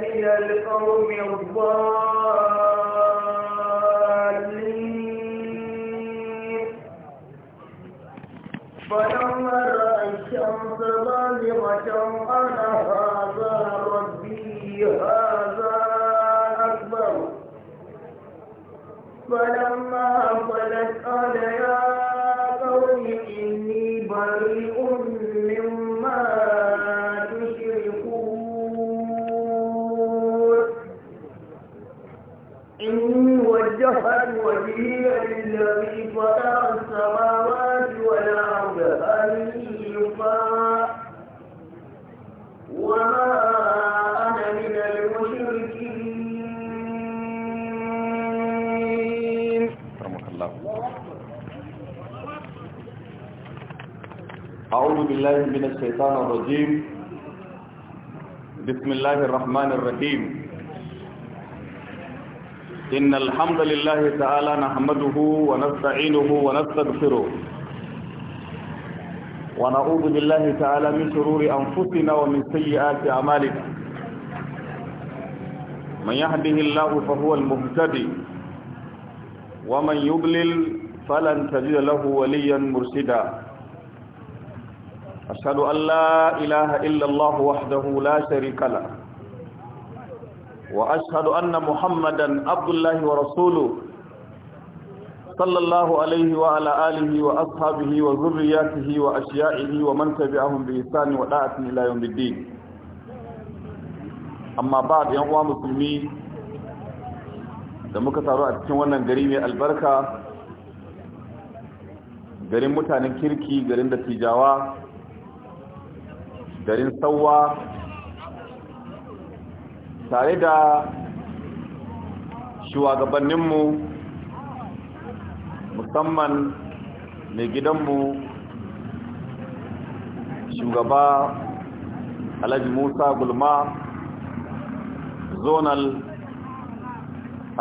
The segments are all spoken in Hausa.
من القوم الظالمين بالله من الشيطان الرجيم بسم الله الرحمن الرحيم إن الحمد لله تعالى نحمده ونستعينه ونستغفره ونعوذ بالله تعالى من شرور أنفسنا ومن سيئات أعمالنا من يهده الله فهو المهتدي ومن يضلل فلن تجد له وليا مرشدا أشهد أن لا إله إلا الله وحده لا شريك له وأشهد أن محمدا عبد الله ورسوله صلى الله عليه وعلى آله وأصحابه وذرياته وأشيائه ومن تبعهم بإحسان ودعاة إلى يوم الدين أما بعد يا أخوان المسلمين da muka taru a cikin wannan gari mai albarka garin mutanen kirki garin dattijawa garin sauwa tare da shugabanninmu musamman mai gidanmu shugaba alhaji musa gulma zonal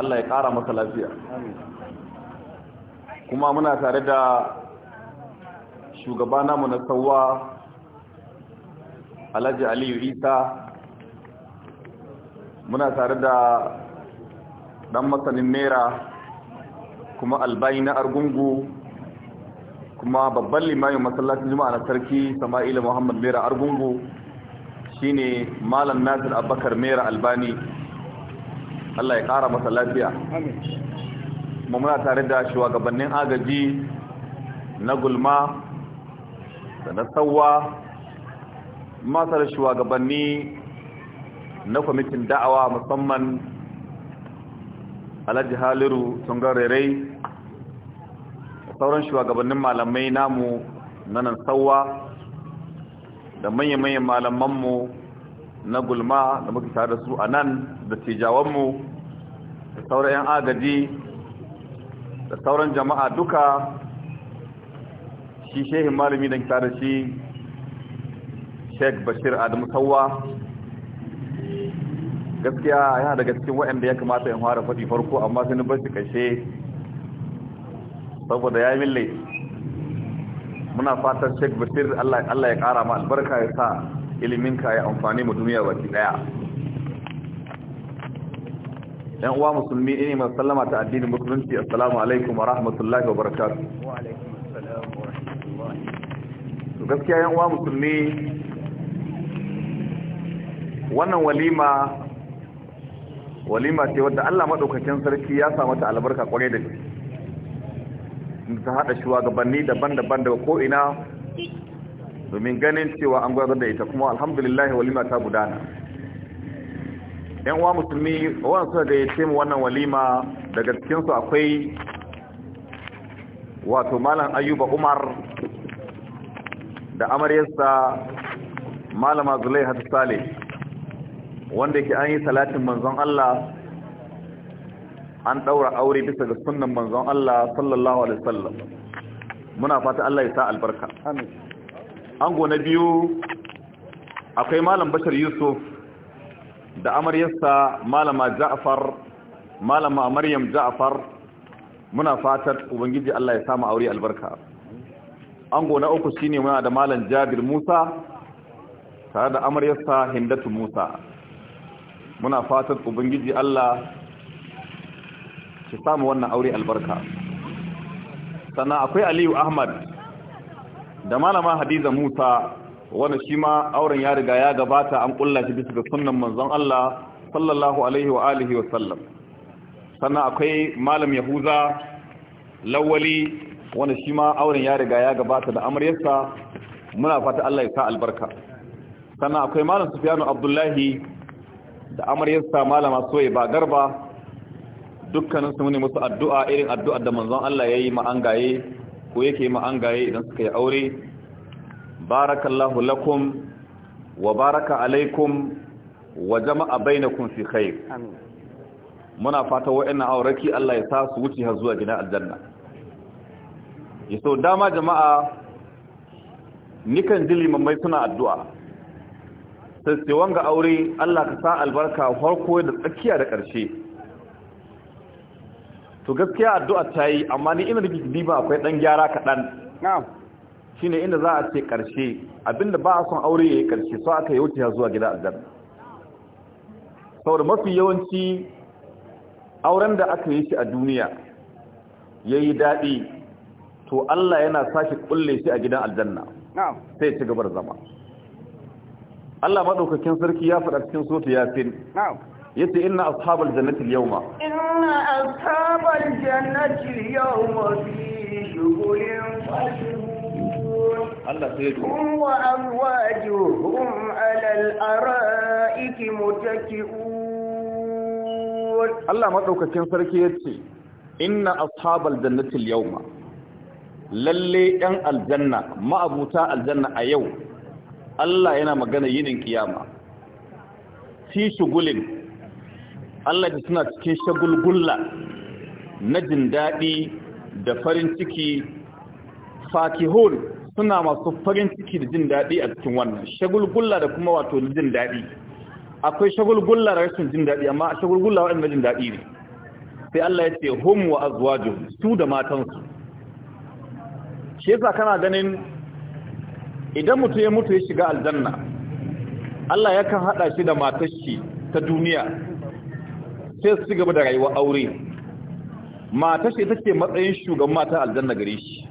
allah ya ƙara masa lafiya kuma muna tare da shugaba namu na sauwa alhaji aliyu isa muna tare da dan masanin naira kuma albayi na argungu kuma babban limamin masallacin juma'a na sarki sama'ila muhammad mera argungu shine malam nasir abakar mera albani allah ya kara masa lafiya kuma muna tare da shugabannin agaji na gulma da na sauwa masar shugabanni na kwamitin da'awa musamman alhaji haliru tungarerai sauran shugabannin malamai namu na nan sauwa da manya-manyan malamanmu na gulma da muka tare da su a nan da tijawanmu da sauran 'yan agaji da sauran jama'a duka shi shehin malami da shi sheik bashir adamu sauwa gaskiya yana daga cikin waɗanda ya kamata in fara faɗi farko amma sai bar shi kashe saboda ya yi mille muna fatan sheik bashir allah ya ƙara ma albarka ya sa iliminka ya amfani mu duniya baki ɗaya yan uwa musulmi ne mai sallama ta addinin musulunci assalamu alaikum wa rahmatullahi wa barakatuh wa alaikum assalam wa rahmatullahi gaskiya yan uwa musulmi wannan walima walima ce wadda Allah maɗaukacin sarki ya sa mata albarka kwarai da gaske ta wa gabanni daban-daban daga ko'ina, domin ganin cewa an gwazar da ita kuma alhamdulillah walima ta gudana yan uwa musulmi wannan suka ga yace mu wannan walima daga cikin akwai wato malam Ayuba Umar da amaryarsa malama Zulaiha Saleh wanda yake an yi salatin manzon Allah an daura aure bisa ga sunnan manzon Allah sallallahu alaihi wasallam muna fata Allah ya sa albarka amin an gona biyu akwai malam Bashir Yusuf da amaryarsa malama Ja'far malama Maryam Ja'far muna fatar ubangiji Allah ya sa mu aure albarka an gona uku shine muna da malam Jabir Musa tare da amaryarsa Hindatu Musa muna fatan ubangiji Allah ki samu wannan aure albarka sannan akwai aliyu ahmad da malama hadiza musa wanda shi ma auren ya riga ya gabata an kulla shi bisa ga sunnan manzon Allah sallallahu alaihi wa alihi wa sallam sannan akwai malam yahuza lawali wanda shi ma auren ya riga ya gabata da amaryarsa muna fata Allah ya sa albarka sannan akwai malam sufyanu abdullahi da amaryarsa malama soye ba garba dukkanin su ne musu addu'a irin addu'ar da manzon Allah yayi ma an ko yake ma an gaye idan suka yi aure barakallahu lakum wa baraka alaikum wa jama'a bainakum fi khair muna fata wa'annan auraki Allah ya sa su wuce har zuwa gidan aljanna yaso dama jama'a nikan dili mai suna addu'a sai ga aure Allah ka sa albarka farko da tsakiya da ƙarshe to gaskiya addu'a ta yi amma ni ina da diba akwai dan gyara kaɗan shine inda za a ce ƙarshe abinda ba a son aure ya yi ƙarshe so aka yi wuce zuwa gida aljanna saboda mafi yawanci auren da aka yi shi a duniya yayi yi daɗi to Allah yana sashi ƙulle shi a gidan aljanna sai ci gabar zama Allah maɗaukakin sarki ya faɗa cikin ya Yasin yace inna ashabal jannati al-yawma inna ashabal jannati al-yawma fi shughulin Allah sai ya wa amwajuhum ala al-ara'iki mutaki'un Allah madaukakin sarki yace inna ashabal jannati al-yawma lalle 'yan aljanna ma'abuta aljanna a yau Allah yana magana yinin kiyama fi shugulin Allah da suna cikin shagulgulla na jin daɗi da farin ciki fakihun suna masu farin ciki da jin daɗi a cikin wannan shagulgulla da kuma wato jin daɗi akwai shagulgulla da rashin jin daɗi amma shagulgulla waɗanda jin daɗi ne sai Allah ya ce hum wa azwajuhum su da matansu shi yasa kana ganin idan mutum ya mutu ya shiga aljanna Allah ya kan haɗa shi da matashi ta duniya sai su gaba da rayuwar aure Matashi shi take matsayin shugaban mata aljanna gare shi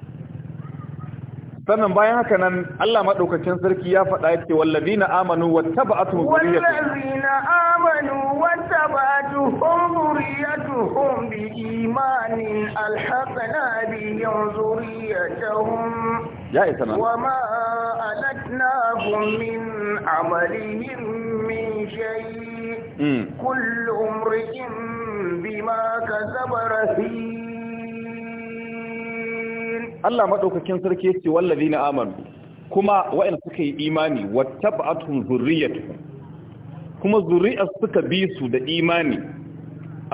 sannan bayan haka nan Allah maɗaukacin sarki ya faɗa yake wallazina amanu wattaba'atuhum wallazina amanu wattaba'atuhum dhurriyyatuhum biimanin alhaqna bihim dhurriyyatuhum ya isa nan wa ma alatnahum min amalihim min shay kullu umrin bima kasaba rahin Allah madaukakin sarki yace wallazina amanu kuma wa'in suka yi imani wattaba'atuhum zurriyyatuhum kuma zuri'ar suka bi su da imani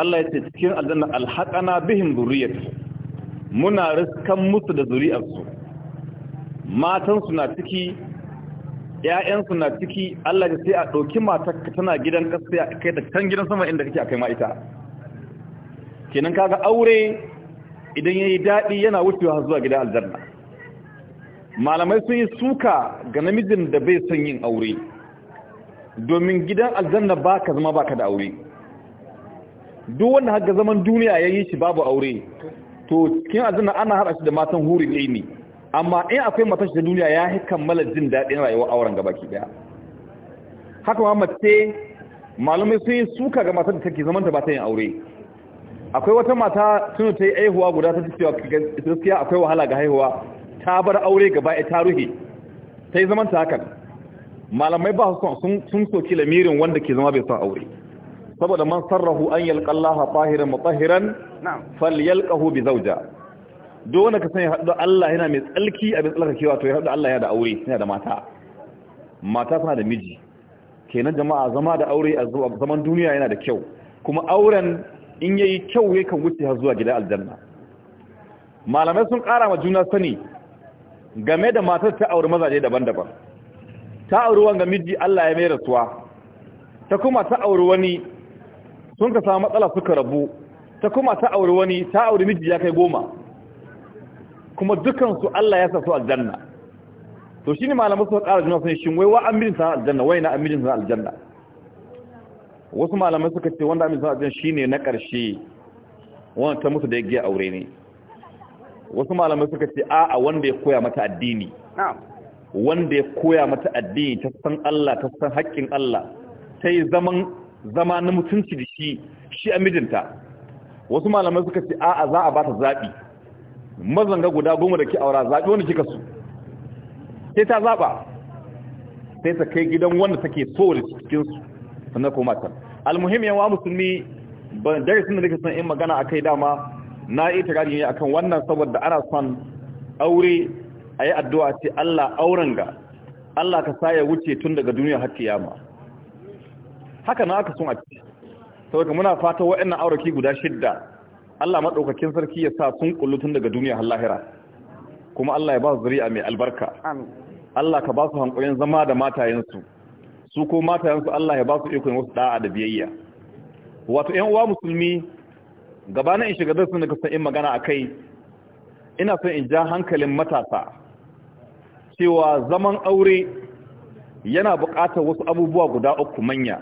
Allah ya ce cikin aljanna alhaqana bihim zurriyyatuhum muna riskan musu da zuri'arsu su na ciki ‘ya'yansu na ciki Allah ya sai a ɗauki ka tana gidan ƙasa ya kai da kan gidan sama inda kake a kai ita kenan kaga aure idan ya yi daɗi yana wucewa zuwa gida aljanna malamai sun yi suka ga namijin da bai son yin aure domin gidan aljanna ba ka zama ba ka da aure duk wanda har ga zaman duniya ya yi shi babu aure to cikin aljanna ana haɗa shi da matan huri ne amma in akwai matashi da duniya ya kammala jin daɗin rayuwar auren gabaki ɗaya. haka ma mace malumai sun yi suka ga matar da take zamanta ba ta yin aure akwai wata mata tunu ta yi aihuwa guda ta cewa gaskiya akwai wahala ga haihuwa ta bar aure gaba ya ruhe. ta yi zamanta hakan malamai ba sun soki lamirin wanda ke zama bai son aure saboda man sarrahu an yalqa Allah tahiran fal yalƙahu bi zauja Dole wanda ka sani haɗu Allah yana mai tsalki abin kewa to ya haɗu Allah yana da aure yana da mata mata suna da miji kenan jama'a zama da aure a zaman duniya yana da kyau kuma auren in yayi kyau kan wuce har zuwa gida aljanna malamai sun ƙara ma juna sani game da matar ta aure mazaje daban-daban ta aure wanga miji Allah ya mai rasuwa ta kuma ta aure wani sun ka samu matsala suka rabu ta kuma ta aure wani ta aure miji ya kai goma kuma dukansu Allah ya sa su aljanna to shine malamai suka ƙara juna sun shin wai wa amirin sa aljanna wai na amirin sa aljanna wasu malamai suka ce wanda amirin sa aljanna shine na ƙarshe wanda ta mutu da ya giya aure ne wasu malamai suka ce a'a wanda ya koya mata addini wanda ya koya mata addini ta san Allah ta san haƙƙin Allah ta yi zaman zama na mutunci da shi shi a mijinta wasu malamai suka ce a'a za a ba ta zaɓi mazanga guda goma da ke aura zaɓi wanda kika su sai ta zaɓa sai ta kai gidan wanda take so da cikinsu Na komata. matan almuhim yawa musulmi ban darasin da nake son in magana a kai dama na yi ta itirari ne kan wannan saboda ana son aure a yi addu'a ce Allah auren ga Allah ka saya wuce tun daga duniya har kiyama haka na aka sun a ci saboda muna fata waɗannan auraki guda shidda Allah maɗaukakin sarki ya sa sun tun daga duniya har lahira kuma Allah ya ba su zuri'a mai albarka Allah ka ba su hankulin zama da matayensu su ko matayensu Allah ya ba su ikon wasu da'a da biyayya wato 'yan uwa musulmi gabanin in shiga darsin da ka san in magana a kai, ina son in ja hankalin matasa cewa zaman aure yana buƙatar wasu abubuwa guda uku manya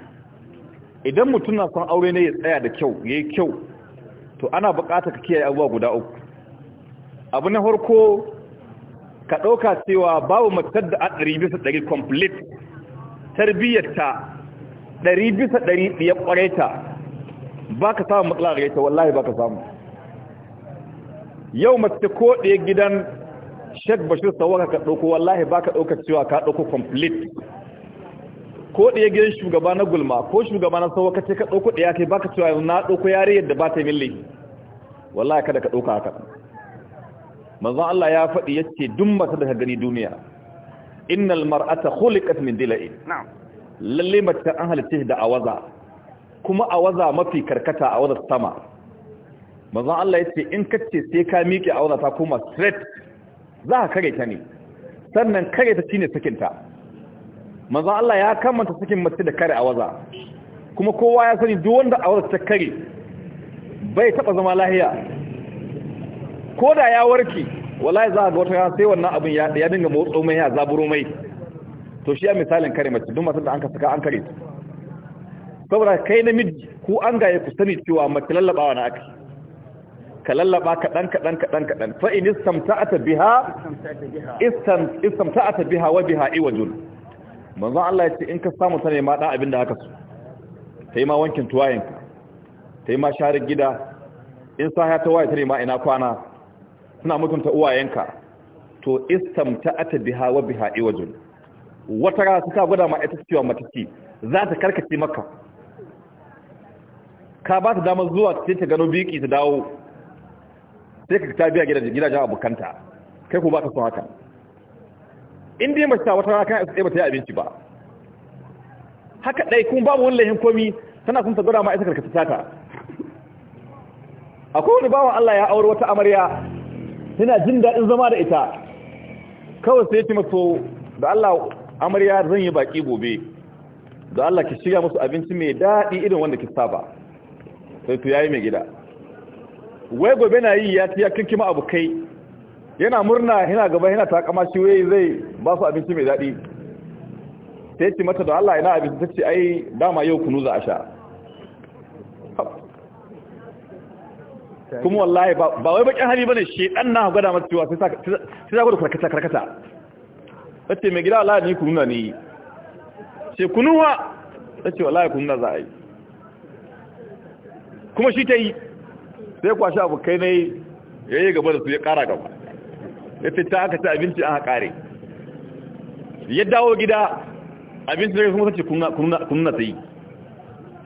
idan mutum na son aure ne ya tsaya da kyau yayi kyau to ana buƙatar ka kiyaye abubuwa guda uku abu na farko ka ɗauka cewa babu matar da a ɗari bisa ɗari complete tarbiyyarta ɗari bisa ɗari ɗiya ƙwareta ba ka samun matsala gare ta wallahi ba ka samu yau mace ko ɗaya gidan shek bashir sauwa ka ɗauko wallahi ba ka ɗauka cewa ka ɗauko complete ko ɗaya gidan shugaba na gulma ko shugaba na sauwa ce ka ɗauko ɗaya kai baka cewa na ɗauko yare yadda ba ta milli wallahi kada ka ɗauka haka manzon Allah ya faɗi yace duk mata da ka gani duniya innal mar'ata khuliqat min dila'in na'am lalle mace an halitta da awaza kuma awaza mafi karkata awaza sama manzon Allah yace in kace sai ka miƙe awaza ta kuma straight za ka kare ta ne sannan kare ta shine sakinta maza Allah ya kamanta sakin mace da kare a waza kuma kowa ya sani duk wanda a waza ta kare bai taba zama lahiya ko da ya warki, wallahi za a ga wata ya sai wannan abin ya dinga motso mai ya zaburo mai to shi ya misalin kare mace duk matan da an ka saka an kare saboda kai namiji ku an gaye ku sani cewa mace lallabawa na aka ka lallaba kaɗan kaɗan kaɗan kaɗan fa in istamta'ata biha istamta'ata biha wa biha iwajun manzon Allah ya ce in ka samu sane ma dan abin da haka su kai ma wankin tuwayenka kai ma share gida in sa ya ta waye ta ma ina kwana suna mutunta uwayenka to istamta'ata biha wa biha iwajul wata rana suka gwada ma ita cewa mataki za ta karkace maka ka ba ta damar zuwa sai ta gano biki ta dawo sai ka ta biya gidajen abokanta kai ku ba ka son haka in dai mace wata rana kana tsaye ba ta yi abinci ba haka dai kuma babu wani lahin komi tana kuma ta gwada ma ita karkata sata akwai wani bawan Allah ya aure wata amarya tana jin daɗin zama da ita kawai sai ce maso da Allah amarya zan yi baki gobe da Allah ki shiga musu abinci mai daɗi irin wanda ki saba sai to yayi mai gida wai gobe na yi ya ci ya kinkima abokai yana murna yana gaba yana takama shi wai zai ba su abinci mai daɗi sai ce mata da Allah yana abinci ta ce ai dama yau kunu za a sha kuma wallahi ba wai bakin hali bane shedan na gwada mata cewa sai ta gwada karkata karkata ce mai gida wallahi ni kunu na ni ce kunuwa ce wallahi kunu na za a yi kuma shi ta yi sai kwashi abokai ne yayi gaba da su ya kara gaba da ta aka ci abinci aka kare ya dawo gida abinci da kuma sace kunna ta yi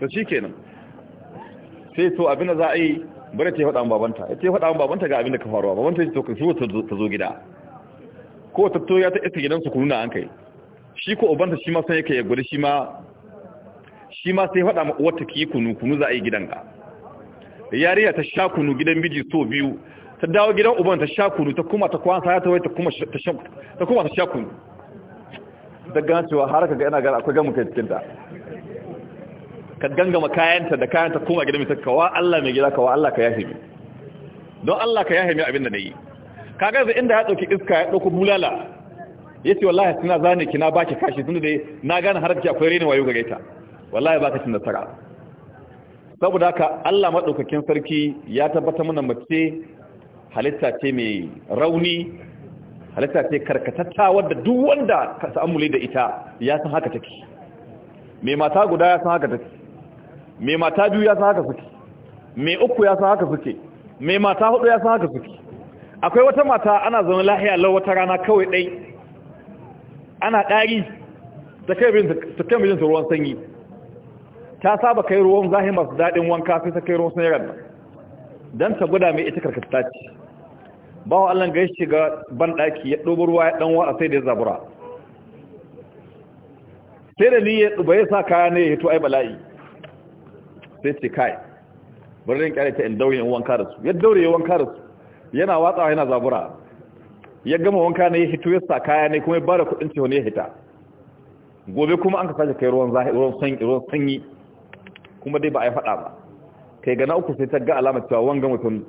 to shi kenan sai to abin da za a yi bari ta yi faɗa babanta ya ce faɗa babanta ga abin da ka faru babanta ya to ka shi ta zo gida ko ta to ya ta isa gidansu kunna an kai shi ko ubanta shi ma sai yake ya guri shi ma shi ma sai faɗa ma uwarta ki kunu kunu za a yi gidanka yariya ta sha kunu gidan miji so biyu ta dawo gidan uban ta sha kunu ta kuma ta kwansa ya tawai ta kuma ta sha kunu daga cewa har ka ga ina gara akwai gamu kai cikinta ka gangama kayanta da kayanta kuma gidan mai kawa Allah mai gida kawa Allah ka yahe mi don Allah ka yahe mi abin da na yi kaga da inda ya ɗauki iska ya ɗauki bulala ya ce wallahi suna zane ki na baki kashi tun da na gane har ki akwai rena wayo gare ta wallahi baka cin nasara saboda haka Allah madaukakin sarki ya tabbata mana mace halitta ce mai rauni halitta ce karkatatta wadda duk wanda ka sa'amuli da ita ya san haka take mai mata guda ya san haka take mai mata biyu ya san haka suke mai uku ya san haka suke mai mata hudu ya san haka suke akwai wata mata ana zama lahiya lau wata rana kawai dai ana ɗari ta kai mijinta ruwan sanyi ta saba kai ruwan zahimarsu daɗin wanka sai ta kai ruwan sanyi ranar don ta guda mai ita karkata ce bawa allon gai shiga banɗaki ya ɗobar ruwa ya ɗanwa a sai da ya zabura sai da ni ya ɗuba ya sa kaya ne ya hito ai bala'i sai ce kai birnin ƙyare ta in daure in wanka da su ya daure ya wanka da su yana watsawa yana zabura ya gama wanka ne ya hito ya sa kaya ne kuma ya ba da kuɗin ciwo ne ya hita gobe kuma an ka sake kai ruwan sanyi kuma dai ba a yi faɗa ba kai ga na uku sai ta ga alamar cewa wanga mutum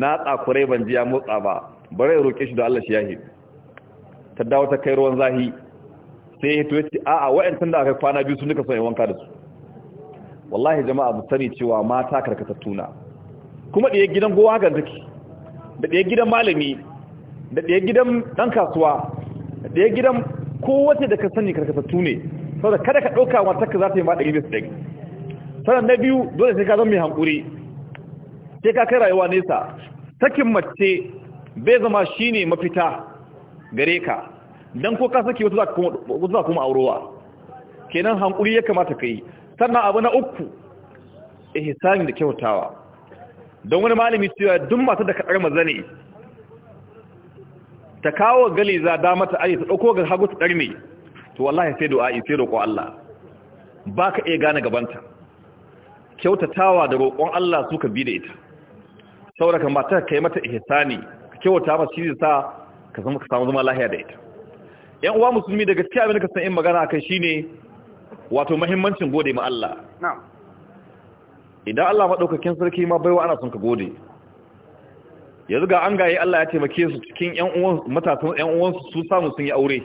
na tsakurai ban ji ya motsa ba bare ya roke shi da Allah shi yahi ta dawo ta kai ruwan zahi sai ya tuwe ce a'a wa'yantan da aka kwana biyu sun duka son wanka da su wallahi jama'a mu sani cewa mata karkatattu na kuma ɗaya gidan gowa ga zaki da ɗaya gidan malami da ɗaya gidan ɗan kasuwa da ɗaya gidan kowace da ka sani karkatattu ne saboda kada ka ɗauka wata ka za ta yi ma ɗari bisa ɗari sannan na biyu dole sai ka zama mai hankuri sai ka kai rayuwa nesa sakin mace bai zama shine mafita gare ka dan ko ka saki wata za kuma aurowa kenan hankuri ya kamata ka yi sannan abu na uku ihsani da kyautawa don wani malami cewa duk mata da maza mazane ta kawo gali za da mata aji ta ɗauko ga hagu ta darme to wallahi sai du'a sai roƙo Allah ka iya gane gabanta kyautatawa da roƙon Allah suka bi da ita saboda kan ka kai mata ihsani ka kyauta ba shi sa ka zama ka samu zama lahiya da ita yan uwa musulmi da gaskiya abin da ka san in magana akan shine wato muhimmancin gode ma Allah idan Allah madaukakin sarki ma baiwa ana son ka gode yanzu ga an gaye Allah ya taimake su cikin yan uwan matasan su samu sun yi aure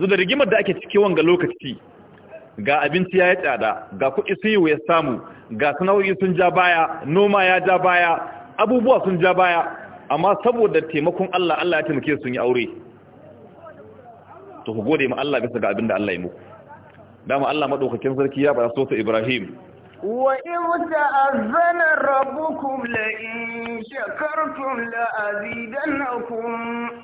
zu da rigimar da ake cike wanga lokaci ga abinci ya yi tsada ga kuɗi sun yi ya samu ga sana'o'i sun ja baya noma ya ja baya abubuwa sun ja baya amma saboda taimakon Allah Allah ya taimake sun yi aure to ku gode ma Allah bisa ga abin da Allah ya muku dama Allah madaukakin sarki ya bada so Ibrahim وَإِذْ تَأَذَّنَ رَبُّكُمْ لَئِن شَكَرْتُمْ لَأَزِيدَنَّكُمْ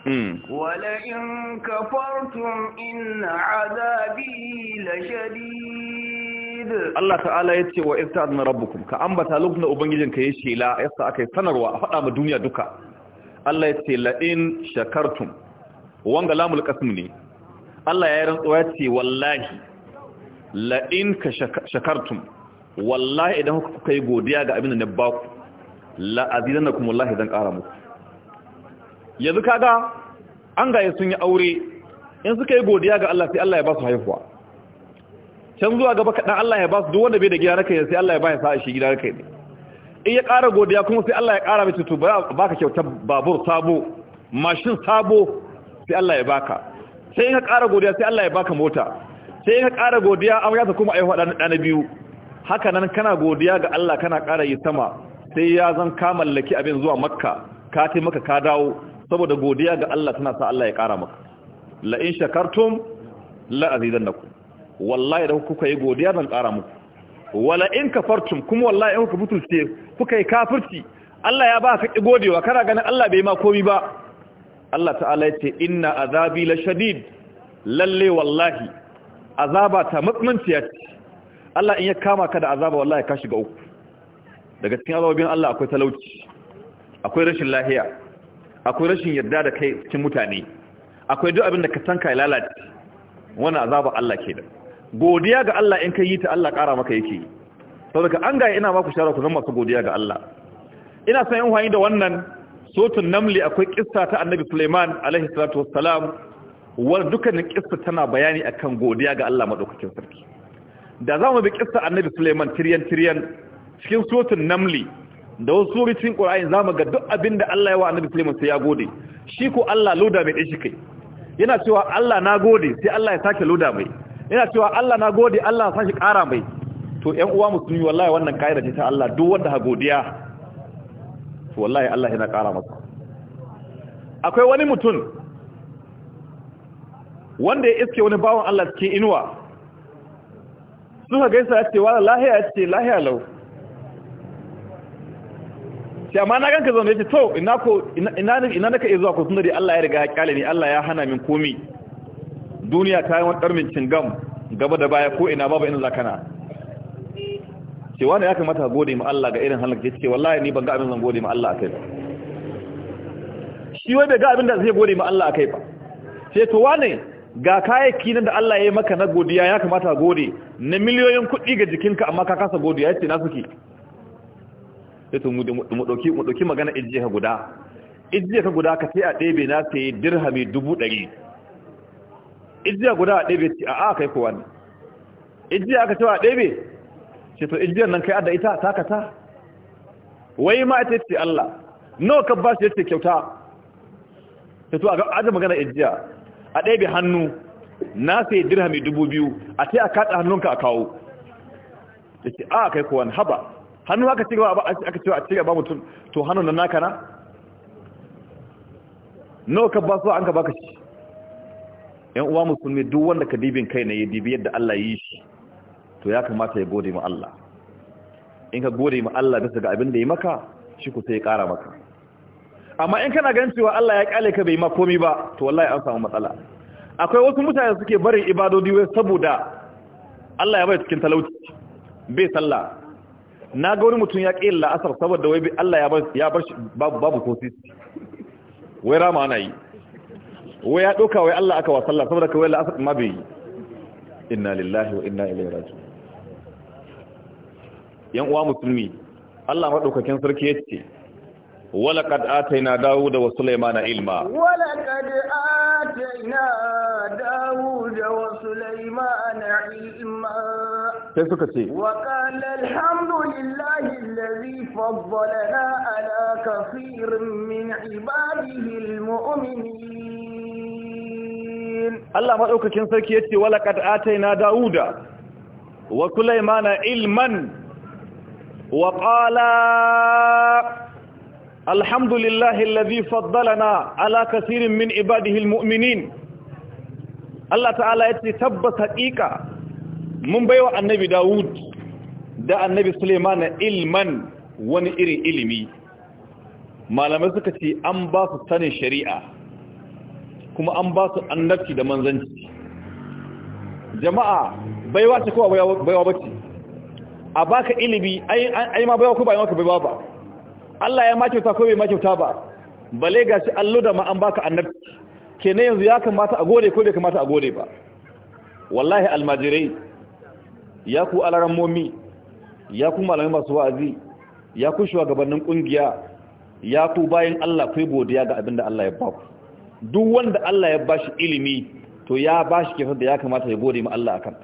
hmm. وَلَئِن كَفَرْتُمْ إِنَّ عَذَابِي لَشَدِيدٌ الله تعالى yace wa irtadna rabbukum ka ambata lugna ubangijinka yace la yasa akai sanarwa a fada ma duniya duka Allah yace la in shakartum wanga lamul qasm ne Allah ya yi rantsuwa yace wallahi la ka shakartum wallahi idan kuka yi godiya ga abin da na ba ku la na kuma wallahi zan ƙara muku yanzu kaga an gaye sun yi aure in suka yi godiya ga Allah sai Allah ya ba su haihuwa can zuwa gaba kaɗan Allah ya ba su duk wanda bai da gida raka sai Allah ya ba ya sa'a shi gida raka ne in ya ƙara godiya kuma sai Allah ya ƙara mai tutu ba ka kyautar babur sabo mashin sabo sai Allah ya baka sai in ka ƙara godiya sai Allah ya baka mota sai in ka ƙara godiya amma ya ta kuma aihuwa ɗana biyu haka nan kana godiya ga Allah kana ƙara yi sama sai ya zan ka mallaki abin zuwa makka ka taimaka ka dawo saboda godiya ga Allah tana sa Allah ya ƙara maka la in shakartum la azidannakum wallahi da kuka yi godiya zan ƙara muku wala in kafartum kuma wallahi in kuka butulce kuka yi kafirci Allah ya ba ka ki godewa kana ganin Allah bai ma komai ba Allah ta'ala ya ce inna azabi la shadid lalle wallahi azaba ta matsanciya ce Allah in ya kama ka da azaba wallahi ka shiga uku daga cikin azabobin Allah akwai talauci akwai rashin lahiya akwai rashin yarda da kai cikin mutane akwai duk abin da ka san kai lalace wannan azaba Allah ke da godiya ga Allah in kai yi ta Allah ƙara maka yake saboda an ga ina maku shara ku zama masu godiya ga Allah ina son in wayi da wannan sotun namli akwai kissa ta Annabi Sulaiman alaihi salatu wassalam wanda dukkanin kissa tana bayani akan godiya ga Allah madaukakin sarki da za mu bi kissa annabi Suleiman tiryan tiryan cikin suratul namli da wasu suricin qur'ani za mu ga duk abin da Allah ya wa annabi Suleiman sai ya gode shi ko Allah loda mai dashi kai yana cewa Allah na gode sai Allah ya sake loda mai yana cewa Allah na gode Allah ya sake ƙara mai to ƴan uwa musulmi wallahi wannan kaida ce ta Allah duk wanda ha godiya to wallahi Allah yana ƙara masa akwai wani mutum wanda ya iske wani bawan Allah cikin inuwa suka gaisa ya ce wa lahiya ya ce lahiya lau sai amma na ganka zaune yace to ina naka iya zuwa ko tunda dai Allah ya riga ya kyale ni Allah ya hana min komi duniya ta yi wadar cingam gaba da baya ko ina babu ina zakana ce wani ya kamata gode ma Allah ga irin halaka yace wallahi ni ban ga abin zan gode ma Allah akai ba shi wai bai ga abin da zai gode ma Allah akai ba sai to wane ga kayayyaki nan da Allah ya yi maka na godiya ya kamata gode na miliyoyin kuɗi ga jikinka amma ka kasa godiya Ya ce na suke sai mu dauki mu dauki magana ijiye ka guda ijiye ka guda ka sai a ɗebe na sai dirhami ɗari. ijje guda a ɗebe ce a a kai kowa ne ijiye aka cewa a ɗebe ce to ijjiyar nan kai adda ita ta ta wai ma ita ce Allah nawa ka ba shi ce kyauta sai to a ga magana ijiya a ɗaya hannu na sai dirhami dubu biyu a sai a kaɗa hannunka a kawo da ce a kai kowane haba hannu aka ci gaba aka cewa a ci gaba mutum to hannun nan naka na nawa ka ba su an ka baka shi yan uwa musulmi duk wanda ka dibin kai na yi dibi yadda Allah yi shi to ya kamata ya gode ma Allah in ka gode ma Allah bisa ga abin da ya maka shi ku sai ya ƙara maka amma in kana ganin cewa Allah ya kyale ka bai ma komai ba to wallahi an samu matsala akwai wasu mutane suke barin ibadodi wai saboda Allah ya bai cikin talauci bai sallah na ga wani mutum ya ƙi la'asar saboda wai Allah ya bar ya bar babu babu kosi wai rama ana yi wai ya doka wai Allah aka wa sallah saboda kawai la'asar ma bai inna lillahi wa inna ilaihi raji'un yan uwa musulmi Allah madaukakin sarki yace ولقد آتينا داود وسليمان علما ولقد آتينا داود وسليمان علما وقال الحمد لله الذي فضلنا على كثير من عباده المؤمنين الله مدوكاكين sarki yace walaqad ataina dauda wa sulaymana ilman wa qala الحمد لله الذي فضلنا على كثير من عباده المؤمنين الله تعالى يتي تبت حقيقة من بيوع النبي داود دا النبي سليمان علما ونئري علمي ما لمسكتي أنباس الثاني الشريعة كما أنباس النبتي دا منزنتي jama'a baiwa ce kowa baiwa bace a baka ilimi ai ma baiwa ko ba maka baiwa ba Allah ya makyauta ko bai makyauta ba bale gashi allo da ma an baka annabi kenan yanzu ya kamata a gode ko bai kamata a gode ba wallahi almajirai ya ku alarammomi ya ku malamai masu wa'azi ya ku shugabannin kungiya ya ku bayan Allah ku godiya ga abinda Allah ya ba ku duk wanda Allah ya bashi ilimi to ya bashi kifin da ya kamata ya gode ma Allah akan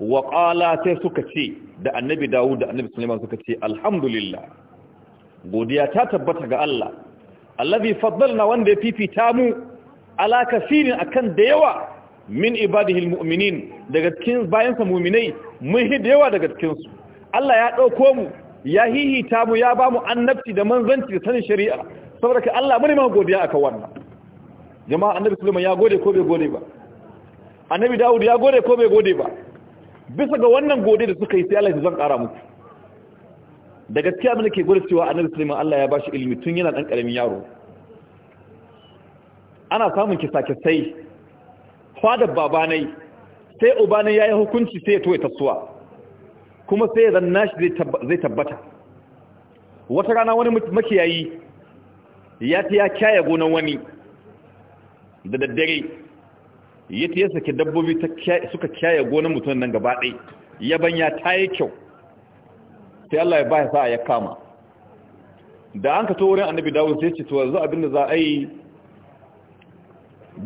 wa qala sai suka ce da annabi Dawud da annabi Sulaiman suka ce alhamdulillah godiya ta tabbata ga Allah allazi faddalna wanda ya fifita mu ala kasirin akan da yawa min ibadihi almu'minin daga cikin bayansa mu'minai mun hi da yawa daga cikin su Allah ya dauko mu ya hihita mu ya bamu annabci da manzanci da sanin shari'a saboda ka Allah mun ma godiya akan wannan jama'a annabi Sulaiman ya gode ko bai gode ba annabi Dawud ya gode ko bai gode ba bisa ga wannan gode da suka yi sai Allah ya zan kara muku da gaskiya abin ke gwada cewa annabi Sulaiman Allah ya bashi ilimi tun yana dan karamin yaro ana samun kisa-kisai baba babanai sai uba ya yi hukunci sai ya toye tasuwa kuma sai dan nashi zai tabbata wata rana wani makiyayi ya ta ya kyaya gonan wani da daddare ya ya saki dabbobi suka kyaye gonan mutum nan gaba ɗai yaban ya ta yi kyau sai Allah ya baya sa'a ya kama da an ka to wurin annabi dawud sai ce to yanzu abinda za a yi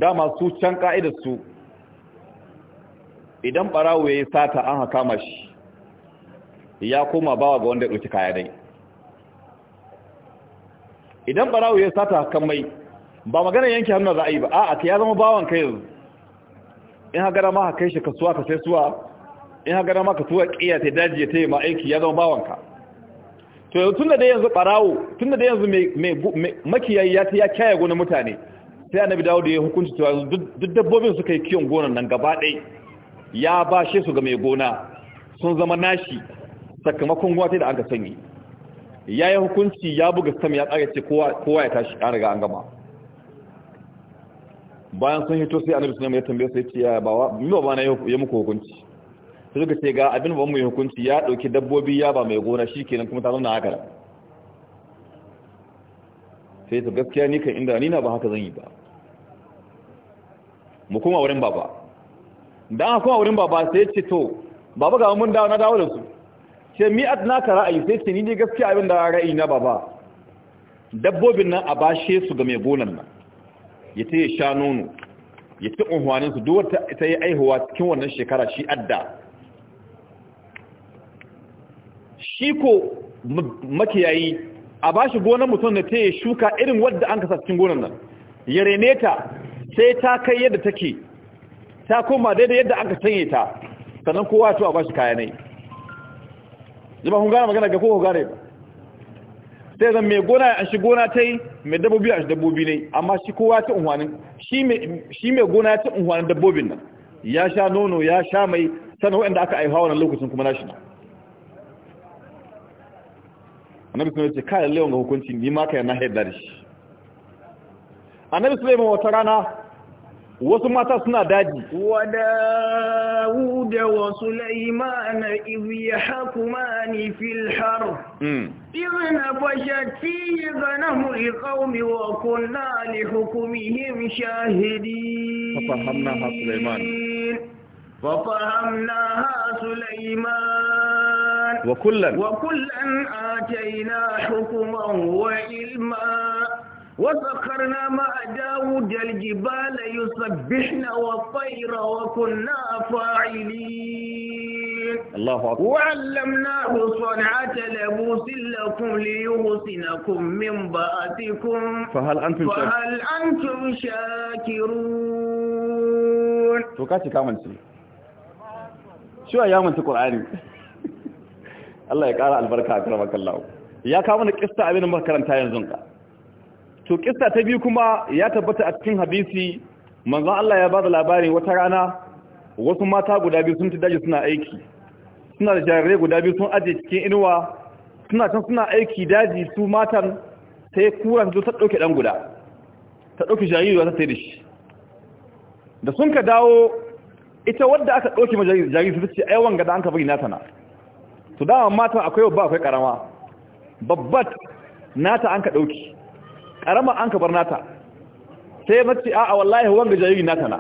dama su can ka'idar su idan barawo ya yi sata an haka mashi shi ya koma bawa ga wanda ya ɗauki kaya dai idan barawo ya yi sata hakan mai ba magana yanke hannu za a yi ba a ka ya zama bawan kai yanzu in haka dama haka kai shi kasuwa ka sai suwa in haka na maka tuwa ƙiya ta daji ta yi ma'aiki ya zama bawanka to yau tun da dai yanzu ɓarawo tun da dai yanzu makiyayi ya ta ya kyaye gonar mutane sai annabi dawo da ya hukunci cewa duk dabbobin suka yi kiyon gonan nan gaba ɗai ya bashe su ga mai gona sun zama nashi sakamakon wata da an ka sanyi ya yi hukunci ya buga sam ya tsara ce kowa ya tashi an riga an gama bayan sun hito sai annabi sunan ya tambaye sai ce ya bawa mi ba na ya muku hukunci su suka ce ga abin ba mai hukunci ya ɗauki dabbobi ya ba mai gona shi kenan kuma ta zauna haka da. sai ta gaskiya ni kan inda ni na ba haka zan yi ba mu kuma wurin baba don haka kuma wurin baba sai ce to baba ga mun dawo na dawo da su ce mi at naka ra'ayi sai ce ni ne gaskiya abin da ra'ayi na baba dabbobin nan a bashe su ga mai gonan nan ya ce ya sha nono ya ci unhuwanin su duk ta yi aihuwa cikin wannan shekara shi adda shi ko makiyayi a bashi gonar mutum da ta yi shuka irin wadda an kasa cikin gonar nan ya rene ta sai ta kai yadda take ta koma daidai yadda an ka canye ta sannan kowa to a bashi kayanai zama kun gane magana ga kowa gane ba sai zan mai gona a shi gona ta yi mai dabbobi a shi dabbobi ne amma shi kowa ta unhwanin shi mai gona ya ta unhwanin dabbobin nan ya sha nono ya sha mai sanar wa'anda aka aihawa wannan lokacin kuma nashi na annabi sun ce kai lalle wanga hukunci ni ma kai na yarda da shi annabi sulaiman wata rana wasu mata suna daji wa dawuda wa sulaiman idh yahkumani fil har hmm. ibn nafashat ganahu ghanamu wa kunna li hukmihim shahidin fa fahamna fa sulaiman وكلا وكلا آتينا حكما وعلما وسخرنا مع داود الجبال يسبحن والطير وكنا فاعلين الله أكبر وعلمناه صنعة لبوس لكم ليحسنكم من بأسكم فهل أنتم فهل أنتم شاكرون توكاتي كامل شو أيام أنت قرآني Allah ya ƙara albarka a karamar kallawo ya kawo na ƙista abin da makaranta yanzu ka to ƙista ta biyu kuma ya tabbata a cikin hadisi manzon Allah ya ba da labari wata rana wasu mata guda biyu sun ta daji suna aiki suna da jarirai guda biyu sun aje cikin inuwa suna can suna aiki daji su matan sai kuran su ta ɗauke ɗan guda ta ɗauke jariri ta sai da shi da sun ka dawo ita wadda aka ɗauke ma jariri su ta ce ai wanga da an ka bari na sana to dama matan akwai babba akwai karama babbat nata an ka dauki karama an ka bar nata sai mace a'a wallahi wanga jariri nata na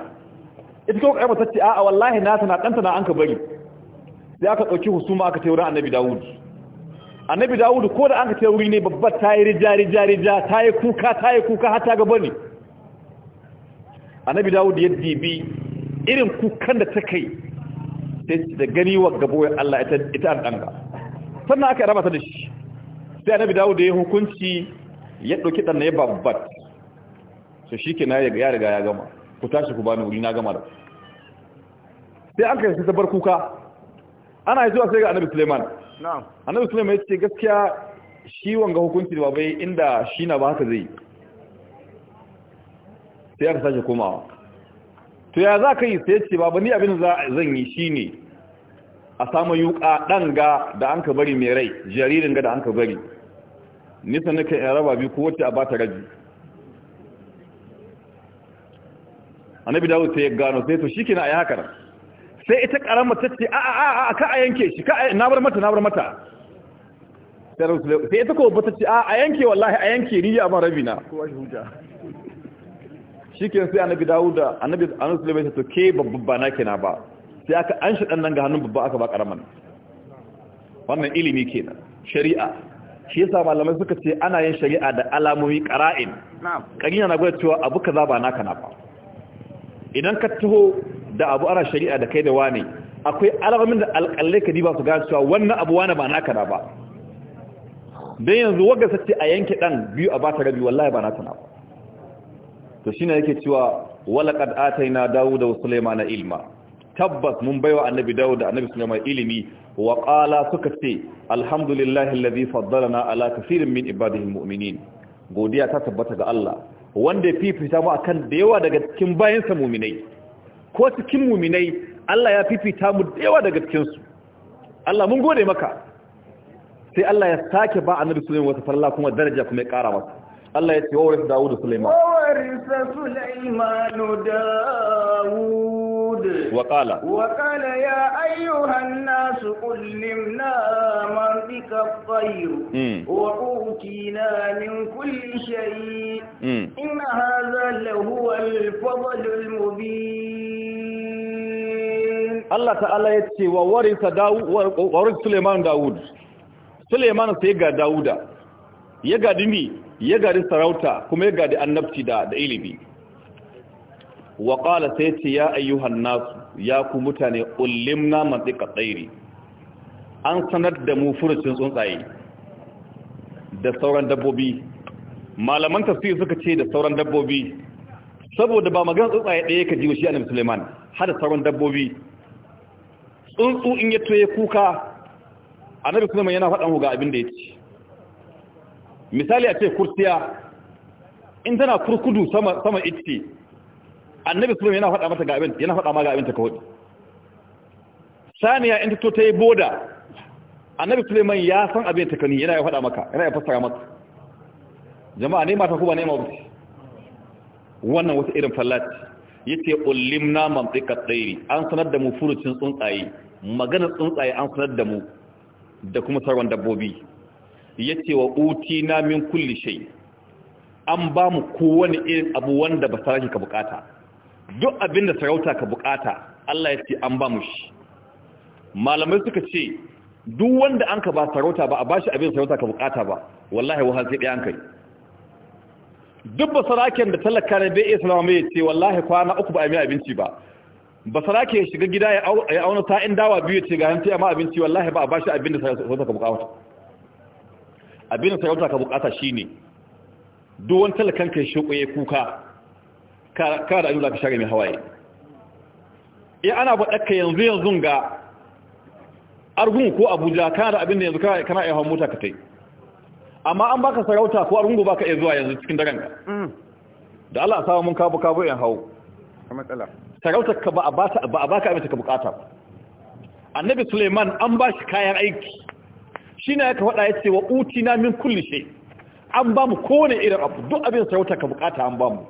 ita ko karama tace a'a wallahi nata na ɗanta na an ka bari sai aka dauki husuma aka tayi wurin annabi Dawud annabi Dawud ko da an ka tayi wuri ne babbat tayi rija rija rija tayi kuka tayi kuka har ta ga bani annabi Dawud ya dibi irin kukan da ta kai da gani wa gaboyin Allah ita an ɗanga sannan aka raba ta da shi sai annabi dawo da ya hukunci ya ɗauki ɗan ya babbat so shi ke na ya riga ya gama ku tashi ku bani wuri na gama da sai an kai sai bar kuka ana yi zuwa sai ga annabi suleiman annabi suleiman ya ce gaskiya shi wanga hukunci da babai inda shi na ba haka zai sai aka sake komawa to ya za ka yi sai ce ba ni abin zan yi shi ne a samu yuka ɗan ga da an ka bari mai rai jaririn ga da an ka bari nisa na kan raba biyu ko wacce a ba ta na annabi dawo sai ya gano sai to a yi haka sai ita karama ta ce a a a ka a yanke shi na bar mata na bar mata sai ita ko ba ta ce a a yanke wallahi a yanke ni ya ban rabi na shikenan sai annabi Dawuda annabi Anas Sulaiman ta ke babba na kenan ba sai aka an shi dan nan ga hannun babba aka ba karaman wannan ilimi kenan shari'a shi yasa malamai suka ce ana yin shari'a da alamomi qara'in qarina na gwada cewa abu kaza ba naka na ba idan ka taho da abu ana shari'a da kai da wani akwai alamomin da alƙalle ka diba su ga cewa wannan abu wani ba naka na ba dan yanzu waga sace a yanke dan biyu a bata rabi wallahi ba naka na ba to shine yake cewa kad ataina dawuda wa sulaymana ilma tabbas mun baiwa annabi dawud da annabi sulaiman ilimi wa qala suka ce alhamdulillahi alladhi faddalana ala kaseerin min ibadihi almu'minin godiya ta tabbata ga Allah wanda fifita mu akan da yawa daga cikin bayansa mu'minai ko cikin mu'minai Allah ya fifita mu da yawa daga cikin su Allah mun gode maka sai Allah ya sake ba annabi sulaiman wata farla kuma daraja kuma ya kara masa Allah ya ce wawarisa Dawud Sulaiman wawarisa Sulaiman Dawud wa qala wa qala ya ayyuhan nas qul limna man bika tayr wa utina min kulli shay in hadha lahu al-fadl al-mubin Allah ta'ala ya ce wawarisa Dawud wawarisa Sulaiman Dawud Sulaiman sai ga Dawuda ya gadi mi ya gari sarauta kuma ya gari annabci da da ilimi wa qala sai ce ya ayyuhan nas ya ku mutane ullimna mantiqa tsairi an sanar da mu furucin tsuntsaye da sauran dabbobi malaman tafsir suka ce da sauran dabbobi saboda ba magana tsuntsaye ɗaya ka ji shi a Sulaiman har da sauran dabbobi tsuntsu in ya toye kuka annabi Sulaiman yana faɗan ga abin da ya ci. misali a ce kursiya in tana kurkudu sama sama itti annabi sallallahu yana faɗa mata ga abin yana faɗa ma ga abin ta kawai saniya in ta yi boda annabi Suleiman ya san abin ta kani yana ya faɗa maka yana ya fassara maka jama'a ne mata kuma ne ma wuce wannan wata irin fallati yace ullimna mantiqat tsairi an sanar da mu furucin tsuntsaye maganar tsuntsaye an sanar da mu da kuma sarwan dabbobi ce wa na min kulli shai, an ba mu kowane irin abu wanda ba sarki ka bukata duk abinda sarauta ka bukata Allah ya ce an ba mu shi malamai suka ce duk wanda an ka ba sarauta ba a bashi abin sarauta ka bukata ba wallahi wa sai ɗaya an kai duk sarakin da talaka ne bai iya salama mai ce wallahi kwana uku ba a mai abinci ba basarake ya shiga gida ya auna sa'in dawa biyu ya ce ga hanci amma abinci wallahi ba a bashi abin da sarauta ka bukata abin da sarauta ka bukata shine ne duwan talakan kai shi kuka kara da ayyuka ka share mai hawaye ya eh, ana faɗa ka yanzu yanzu ga argungu ko abuja kana da abin da yanzu kana iya hawan mota ka tai amma an baka sarauta ko argungu baka iya zuwa yanzu cikin daren ka mm. da Allah samu mun kabu kabu yan hawo matsala ka ba a baka abin da ka bukata annabi suleiman an ba shi kayan aiki shi na yaka faɗa ya ce wa uti na min kulli shi an ba mu kowane irin abu duk abin sarauta ka bukata an ba mu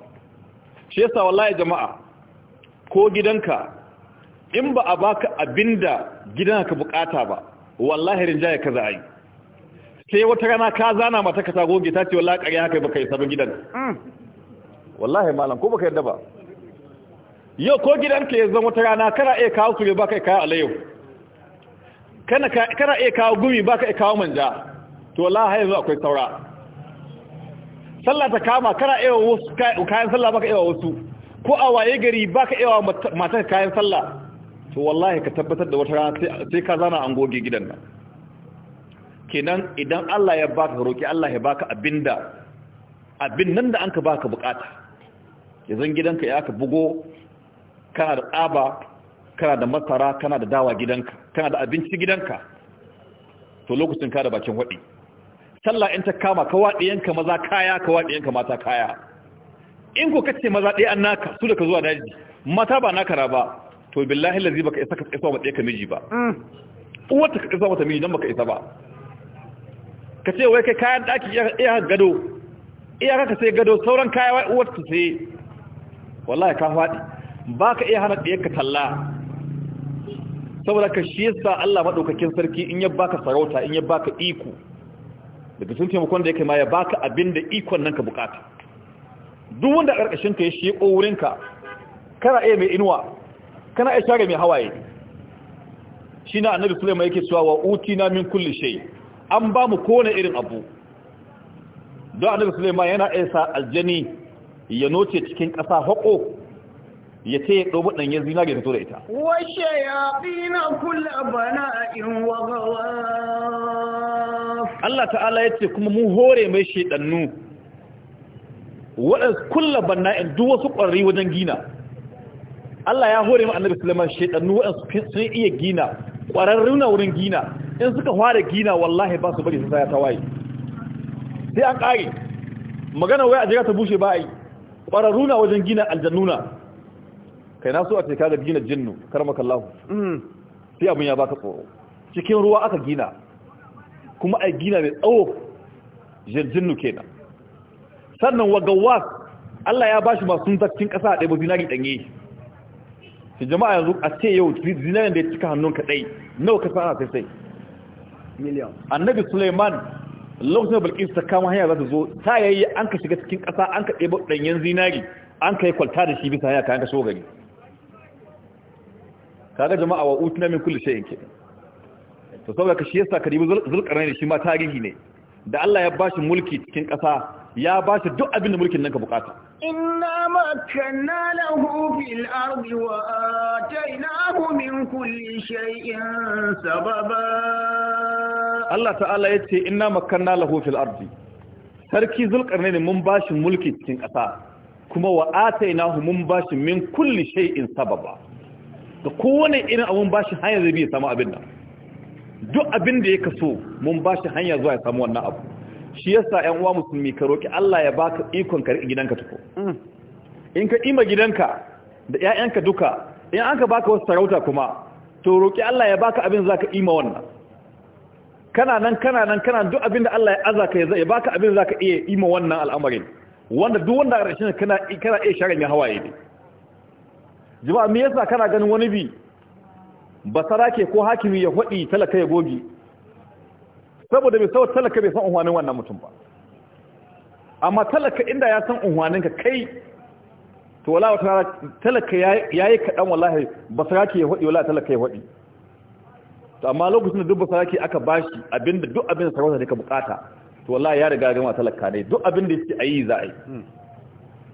shi yasa wallahi jama'a ko gidanka in ba a baka abinda ka bukata ba wallahi rinjaye ka za yi sai wata rana ka zana mata ka tagoge ta ce wallahi ƙarya haka baka yi sabon gidan hmm. wallahi malam ko baka yadda ba yau ko gidanka ya zama wata rana kana iya kawo su ne baka kai kayan alayyau kana iya kawo gumi ba ka iya kawo manja to wallahi yanzu akwai saura sallah ta kama kana iya wasu kayan sallah ka iya wasu ko a waye gari ba ka iya matan kayan sallah to wallahi ka tabbatar da wata rana sai ka zana an goge gidan nan kenan idan Allah ya baka roki Allah ya baka abinda abin nan da an ka baka bukata yanzu gidanka ya ka bugo kana da tsaba kana da masara kana da dawa gidanka kana da abinci gidanka to lokacin ka da bakin waɗi sallah in ta kama ka yanka maza kaya ka yanka mata kaya in ko kace maza ɗaya an naka su da ka zuwa daji mata ba naka ba to billahi lazi baka isa ka isa wa ka miji ba mm. uwar ta ka isa mata miji don baka isa ba ka ce wai kai kayan ɗaki iya gado iya ka sai gado sauran kaya wai uwar ta sai wallahi ka faɗi ba ka iya hana ɗaya ka talla saboda ka shi yasa Allah maɗaukakin sarki in ya baka sarauta in ya baka iko daga cikin taimakon da yake ma ya baka abin da ikon nan ka bukata duk wanda a karkashin ka ya shi ko wurin ka kana iya mai inuwa kana iya share mai hawaye shi na annabi Sulaiman yake cewa wa uti na min kulli shay an ba mu kowane irin abu don annabi Sulaiman yana iya sa aljani ya noce cikin ƙasa haƙo ya ce ya ɗobo ɗanyen zinari ya fito da ita washe ya fi na kula bana in wagawa Allah ta'ala ya ce kuma mun hore mai shaɗannu waɗansu kulla bana in duk wasu ƙwarri wajen gina Allah ya hore ma'anar annabi Sulaiman shaɗannu waɗansu sun iya gina ƙwararru na wurin gina in suka fara gina wallahi ba su bari su saya tawaye sai an ƙare magana wai a jira ta bushe ba a yi ƙwararru na wajen gina aljannuna kai na so a ce ga gina jinnu karmaka Allah mm. sai abun ya baka tsoro cikin ruwa aka gina kuma ai gina mai tsawo jinnu kenan sannan wa gawas Allah ya bashi masu zakkin kasa a ɗaya zinari ɗanye shi jama'a yanzu a ce yau zinarin da ya cika hannun kaɗai nawa ka sana sai sai miliyan annabi suleiman lokacin da bilkis ta kama hanya za ta zo ta yayi an ka shiga cikin kasa an ka ɗaya ɗanyen zinari an ka yi kwalta da shi bisa hanya kayan ka shogari kaga jama'a wa utuna min kulli shay'in kenan to saboda shi yasa karibu zulkarnaini shi ma tarihi ne da Allah ya bashi mulki cikin ƙasa ya bashi duk abin da mulkin nan ka bukata inna makanna lahu fil ardi wa atainahu min kulli shay'in sababa Allah ta'ala yace inna makanna lahu fil ardi sarki zulkarnaini mun bashi mulki cikin ƙasa kuma wa atainahu mun bashi min kulli shay'in sababa da kowane irin abun bashi hanya zai biya samu abin nan duk abin da ya kaso mun bashi hanya zuwa ya samu wannan abu shi yasa ƴan uwa musulmi ka roki Allah ya baka ikon ka rike gidanka tuko in ka ima gidanka da ƴaƴanka duka in an ka baka wasu sarauta kuma to roki Allah ya baka abin zaka ima wannan kana nan kana nan kana duk abin da Allah ya azaka ya baka abin zaka iya ima wannan al'amarin wanda duk wanda a ƙarshen kana kana iya sharan ya hawaye ne jama'a me yasa kana ganin wani bi basara ke ko hakimi ya hudi talaka ya gogi saboda bai saboda talaka bai san unhwanin wannan mutum ba amma talaka inda ya san unhwanin ka kai to wala wata talaka yayi kadan wallahi basara ke ya hudi wala talaka ya hudi to amma lokacin da duk basara ke aka bashi abinda duk abin sarauta ne ka bukata to wallahi ya riga gama talaka ne duk abin da yake ayi za a yi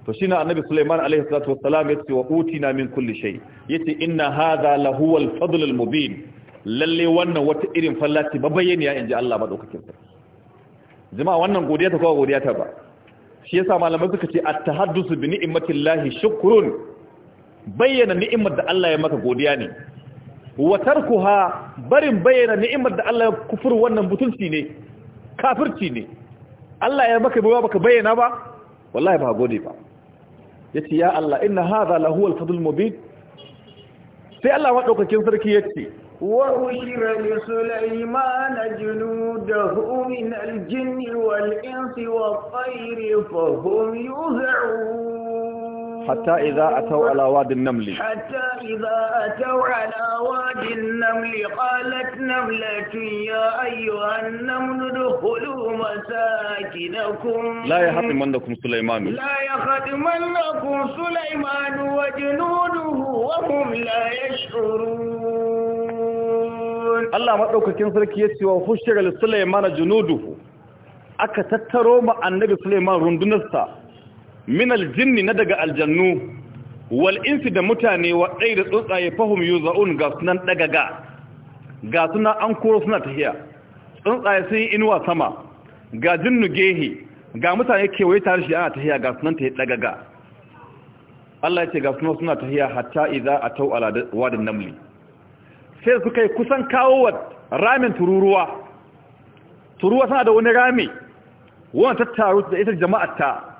to shine annabi Sulaiman alaihi salatu wassalam yace wa utina min kulli shay yace inna hadha la huwa al-fadl al-mubin lalle wannan wata irin fallaci babayyaniya inji Allah madaukakin sarki jama'a wannan godiya ta kowa godiya ta ba shi yasa malamai suka ce at-tahaddusu bi ni'matillahi shukrun bayyana ni'imar da Allah ya maka godiya ne wa tarkuha barin bayyana ni'imar da Allah ya kufur wannan butunci ne kafirci ne Allah ya maka bai baka bayyana ba wallahi ba gode ba yace ya Allah inna hadha la huwa al-fadl mubin sai Allah madaukakin sarki yace wa ushira li sulaiman junudahu min al-jinni wal-insi wa tayri fa hum yuz'un حتى إذا أتوا على واد النمل حتى إذا أتوا على واد النمل قالت نملة يا أيها النمل ادخلوا مساكنكم لا يحطمنكم سليمان لا يحطمنكم سليمان وجنوده وهم لا يشعرون الله ما دوكاكين sarki yace wa fushira li Sulaiman junuduhu aka tattaro ma annabi Sulaiman rundunarsa min aljinni na daga aljannu wal insi da mutane wa ɗai da tsuntsaye fahim za'un ga sunan ɗagaga ga suna an koro suna tafiya tsuntsaye sun yi inuwa sama ga jinnu gehe ga mutane kewaye tare shi ana tafiya ga sunan ta yi ɗagaga Allah ya ce ga sunan suna tafiya hatta a atau ala wadin namli sai su kai kusan kawo wa ramin tururuwa tururuwa suna da wani rami wannan tattaru da ita jama'ar ta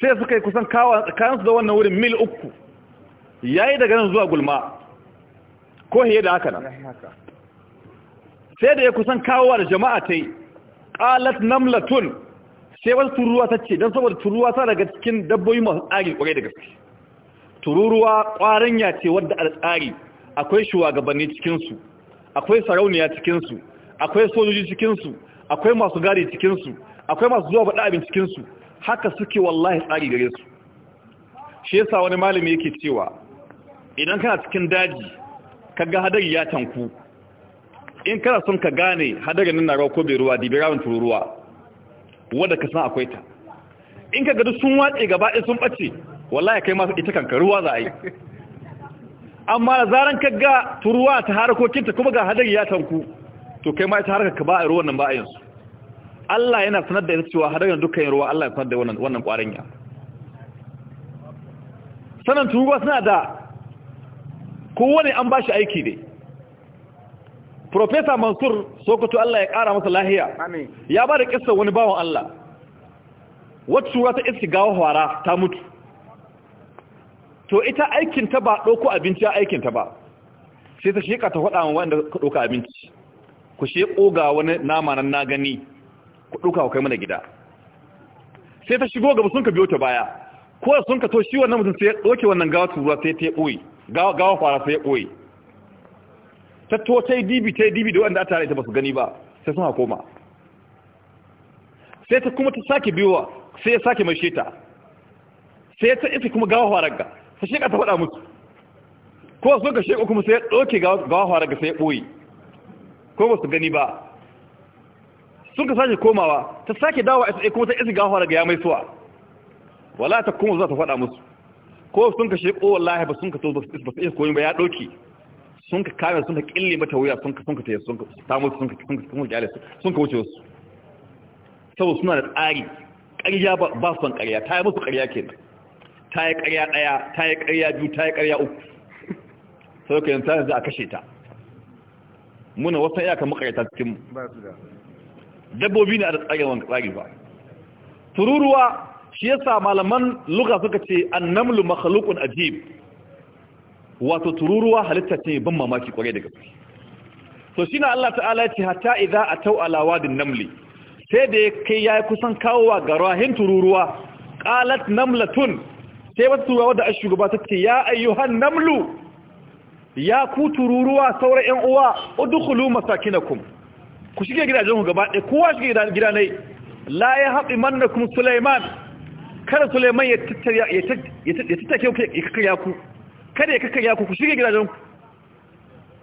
sai suka yi kusan kawo tsakaninsu da wannan wurin mil uku ya yi daga nan zuwa gulma ko hiyar da haka nan sai da ya kusan kawowa da jama'a ta yi ƙalat namlatun sai wasu turuwa ta ce don saboda turuwa ta daga cikin dabbobi masu tsari kwarai da gaske tururuwa ƙwaranya ce wadda a tsari akwai shugabanni cikinsu akwai sarauniya cikinsu akwai sojoji cikinsu akwai masu gari cikinsu akwai masu zuwa baɗa abin cikinsu haka suke wallahi tsari gare su shi yasa wani malami yake cewa idan kana cikin daji kaga hadari ya tanku in kana son ka gane hadarin nan na rawa ko bai ruwa dibirawan tururuwa wanda ka san akwai ta in ka gadu sun watse gaba ɗaya sun ɓace wallahi kai masu ita kanka ruwa za a yi amma da zaran ka ga turuwa ta harakokinta kuma ga hadari ya tanku to kai ma ita harkar ka ba a ruwan nan ba a yansu Allah yana sanar da ita cewa har yanzu dukkan ruwa Allah ya sanar da wannan wannan kwarin ya sanan tuwa suna da kowane an bashi aiki ne Profesa Mansur Sokoto Allah ya kara masa lahiya. Ya bada da wani bawan Allah. Wata shura ta iski gawa hwara ta mutu. To ita aikinta ba ɗauko abinci ya aikinta ba. Sai ta sheka ta faɗa wanda ka ɗauka abinci. Ku sheƙo ga wani nama nan na gani. ku ɗauka ku kai mana gida sai ta shigo gaba sun ka biyo ta baya ko da sun ka to shi wannan mutum sai ya ɗauke wannan gawa tura sai ta ɓoye gawa fara sai ya ɓoye ta to sai yi dibi ta yi dibi da wanda tare ta ba gani ba sai sun koma sai ta kuma ta sake biyowa sai ya sake mai sheta sai ta ita kuma gawa fara ga ta sheka ta faɗa musu ko sun ka sheka kuma sai ya ɗauke gawa fara ga sai ya ɓoye ko ba su gani ba sun ka sake komawa ta sake dawa a kuma ta isi gawa daga ya mai suwa wala ta kuma za ta faɗa musu ko sun ka shi ko wallahi ba sun ka to ba su iya koyi ba ya ɗoki. sun ka kame sun ka ƙille mata wuya sun ka sun ka taya sun ka ta musu sun ka sun ka kyale sun ka wuce wasu saboda suna da tsari ƙarya ba son ƙarya ta yi musu ƙarya kenan ta yi ƙarya ɗaya ta yi ƙarya biyu ta yi ƙarya uku sau ka yanzu a kashe ta muna wasan iyakar makarata cikin dabbobi ne a da tsagewan tsage ba tururuwa shi yasa malaman luka suka ce annamlu makhluqun ajib wato tururuwa halitta ce ban mamaki kwarai da gaske to shine Allah ta'ala ya ce hatta idza ataw ala wadin namli sai da ya kai ya kusan kawowa ga rahin tururuwa qalat namlatun sai wata tururuwa da shugaba ta ce ya ayyuhan namlu ya ku tururuwa sauran yan uwa udkhulu masakinakum ku shige gidajenku gaba ɗaya kowa shige gida ne la ya haɗi manna kuma Suleiman. kada Suleiman ya tattake ku ya kakkarya ku kada ya kakkarya ku ku shige gidajenku.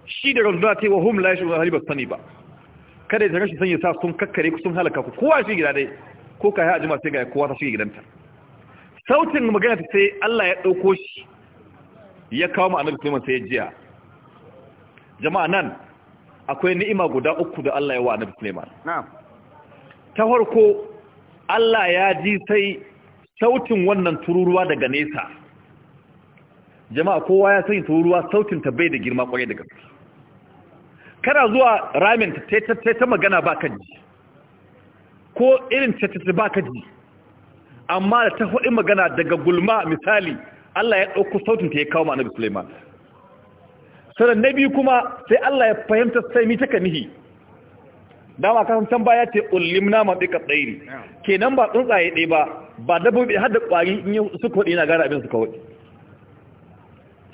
shi da runduna ta yi wa hum la ya halibar sani ba kada ya rashin sanya sa sun kakkare ku sun halaka ku kowa shige gida ne ko ka yi ajima sai ga kowa ta shige gidanta sautin magana ta sai Allah ya ɗauko shi ya kawo mu annabi sai ya jiya jama'a nan akwai ni'ima guda uku da Allah ya wa annabi Sulaiman ta farko Allah ya ji sai sautin wannan tururuwa daga nesa jama'a kowa ya sani tururuwa sautin ta bai da girma kwarai da gaske kana zuwa ramin ta ta magana ba ka ji ko irin ta ta ba ka ji amma da ta faɗi magana daga gulma misali Allah ya ɗauko sautin ta ya kawo ma annabi Sulaiman sannan na biyu kuma sai Allah ya fahimta sai mi taka nihi dama kan san baya ce ulimna ma dika tsairi kenan ba tsuntsaye ɗaya ba ba dabbobi har da kwari in suka wadi na gara abin suka wadi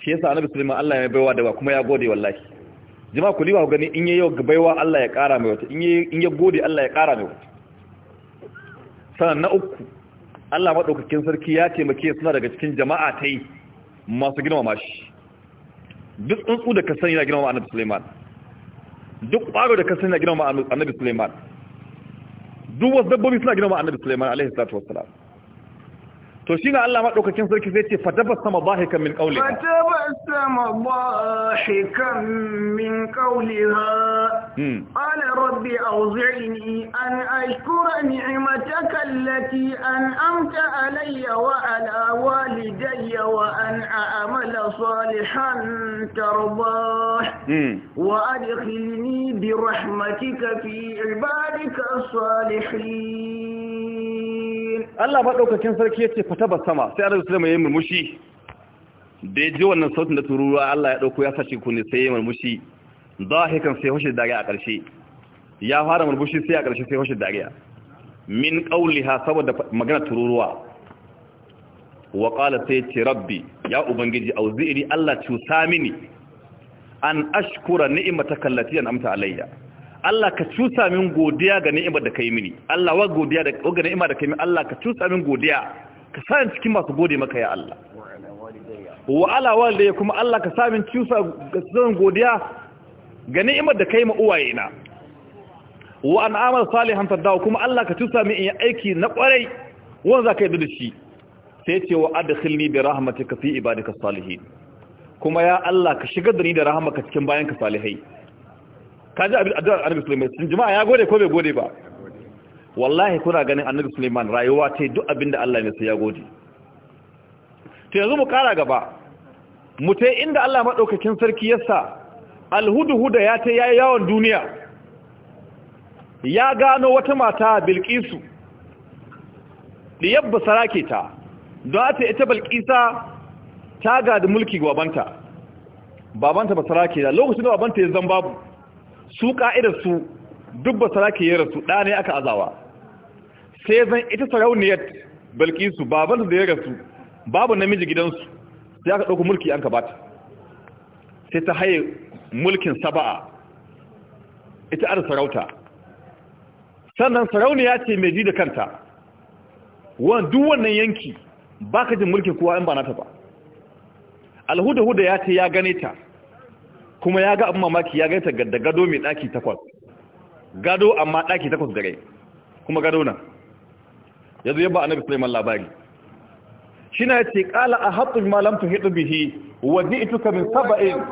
shi yasa annabi sulaiman Allah ya baiwa da kuma ya gode wallahi jama'a ku liwa gani in yayi baiwa Allah ya kara mai wata in ya gode Allah ya kara mai wata sanan na uku Allah madaukakin sarki ya taimake suna daga cikin jama'a tai masu gina mashi duk tsuntsu da ka sani na girmama annabi Suleiman duk ƙwaro da ka sani na girmama annabi Suleiman duk wasu dabbobi suna girma annabi Suleiman alaihi salatu wassalam to shi na Allah maɗaukakin sarki zai ce fatabar sama bahikan min ƙaulika fatabar sama bahikan min ƙaulika ƙala rabbi awzi'ni an ashkura ni'mataka allati an amta alayya wa ala walidayya wa an a'mala salihan tardah wa adkhilni bi rahmatika fi ibadika as-salihin Allah maɗaukakin sarki ya ce fata ba sama sai annabi sallama ya yi murmushi da ya ji wannan sautin da tururuwa Allah ya ɗauko ya sace ne sai ya yi murmushi haikan sai hushe dariya a ƙarshe ya fara murmushi sai a ƙarshe sai hushe dariya min qauliha saboda magana tururuwa wa ƙala sai ce rabbi ya ubangiji iri Allah cusa mini an ashkura kallati an amta alayya Allah ka cusa min godiya ga ni'imar da kai mini Allah wa godiya da ga ni'imar da kai mini Allah ka cusa min godiya ka sa cikin masu gode maka ya Allah wa ala walidayya kuma Allah ka sa min cusa zan godiya ga ni'imar da kai ma uwaye na wa an amal salihan fadawa kuma Allah ka cusa min in yi aiki na kwarai wanda zaka yi da shi sai ce wa adkhilni bi rahmatika fi ibadika salihin kuma ya Allah ka shigar da ni da rahmatka cikin bayanka salihai ka ji addu'ar annabi Sulaiman sun jima'a ya gode ko bai gode ba wallahi kuna ganin annabi Sulaiman rayuwa ta yi duk abinda Allah ne sai ya gode Ta yanzu mu kara gaba mu ta inda Allah Maɗaukakin sarki yasa alhudhuda ya ta yi yawon duniya ya gano wata mata da yabba sarake ta don ta ita Bilkisa ta gadi mulki ga babanta babanta ba sarake da lokacin da babanta ya zan babu su su duk ba sarake ya rasu ɗa ne aka azawa sai zan ita sarauniyar balkisu babansu da ya rasu babu namiji gidansu sai aka ɗauku mulki an ka sai ta haye mulkin saba'a ita ar sarauta sannan sarauniya ce mai ji da kanta duk wannan yanki ba ka jin mulkin kowa in ba nata ba alhuda-huda ya ce ya gane ta kuma ya ga abin mamaki ya gaita da gado mai ɗaki takwas gado amma ɗaki takwas gare kuma gado na zo yabba a annabi sulaiman labari shi na ce ƙala a haɗu malam ta hiɗu bihi waje ituka min saba'in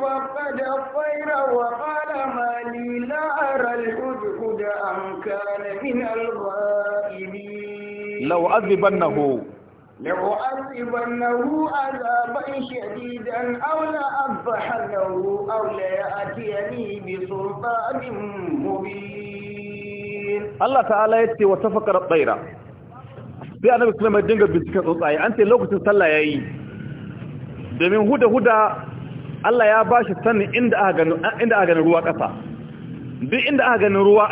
لو عذبنه لأعذبنه عذابا شديدا أو لأذبحنه أو ليأتيني بسلطان مبين الله تعالى يتي وتفكر الطيرة sai annabi sallama ya dinga binciken tsuntsaye an ce lokacin sallah ya yi domin huda-huda Allah ya ba shi sani inda aka gani ruwa ƙasa duk inda aka gani ruwa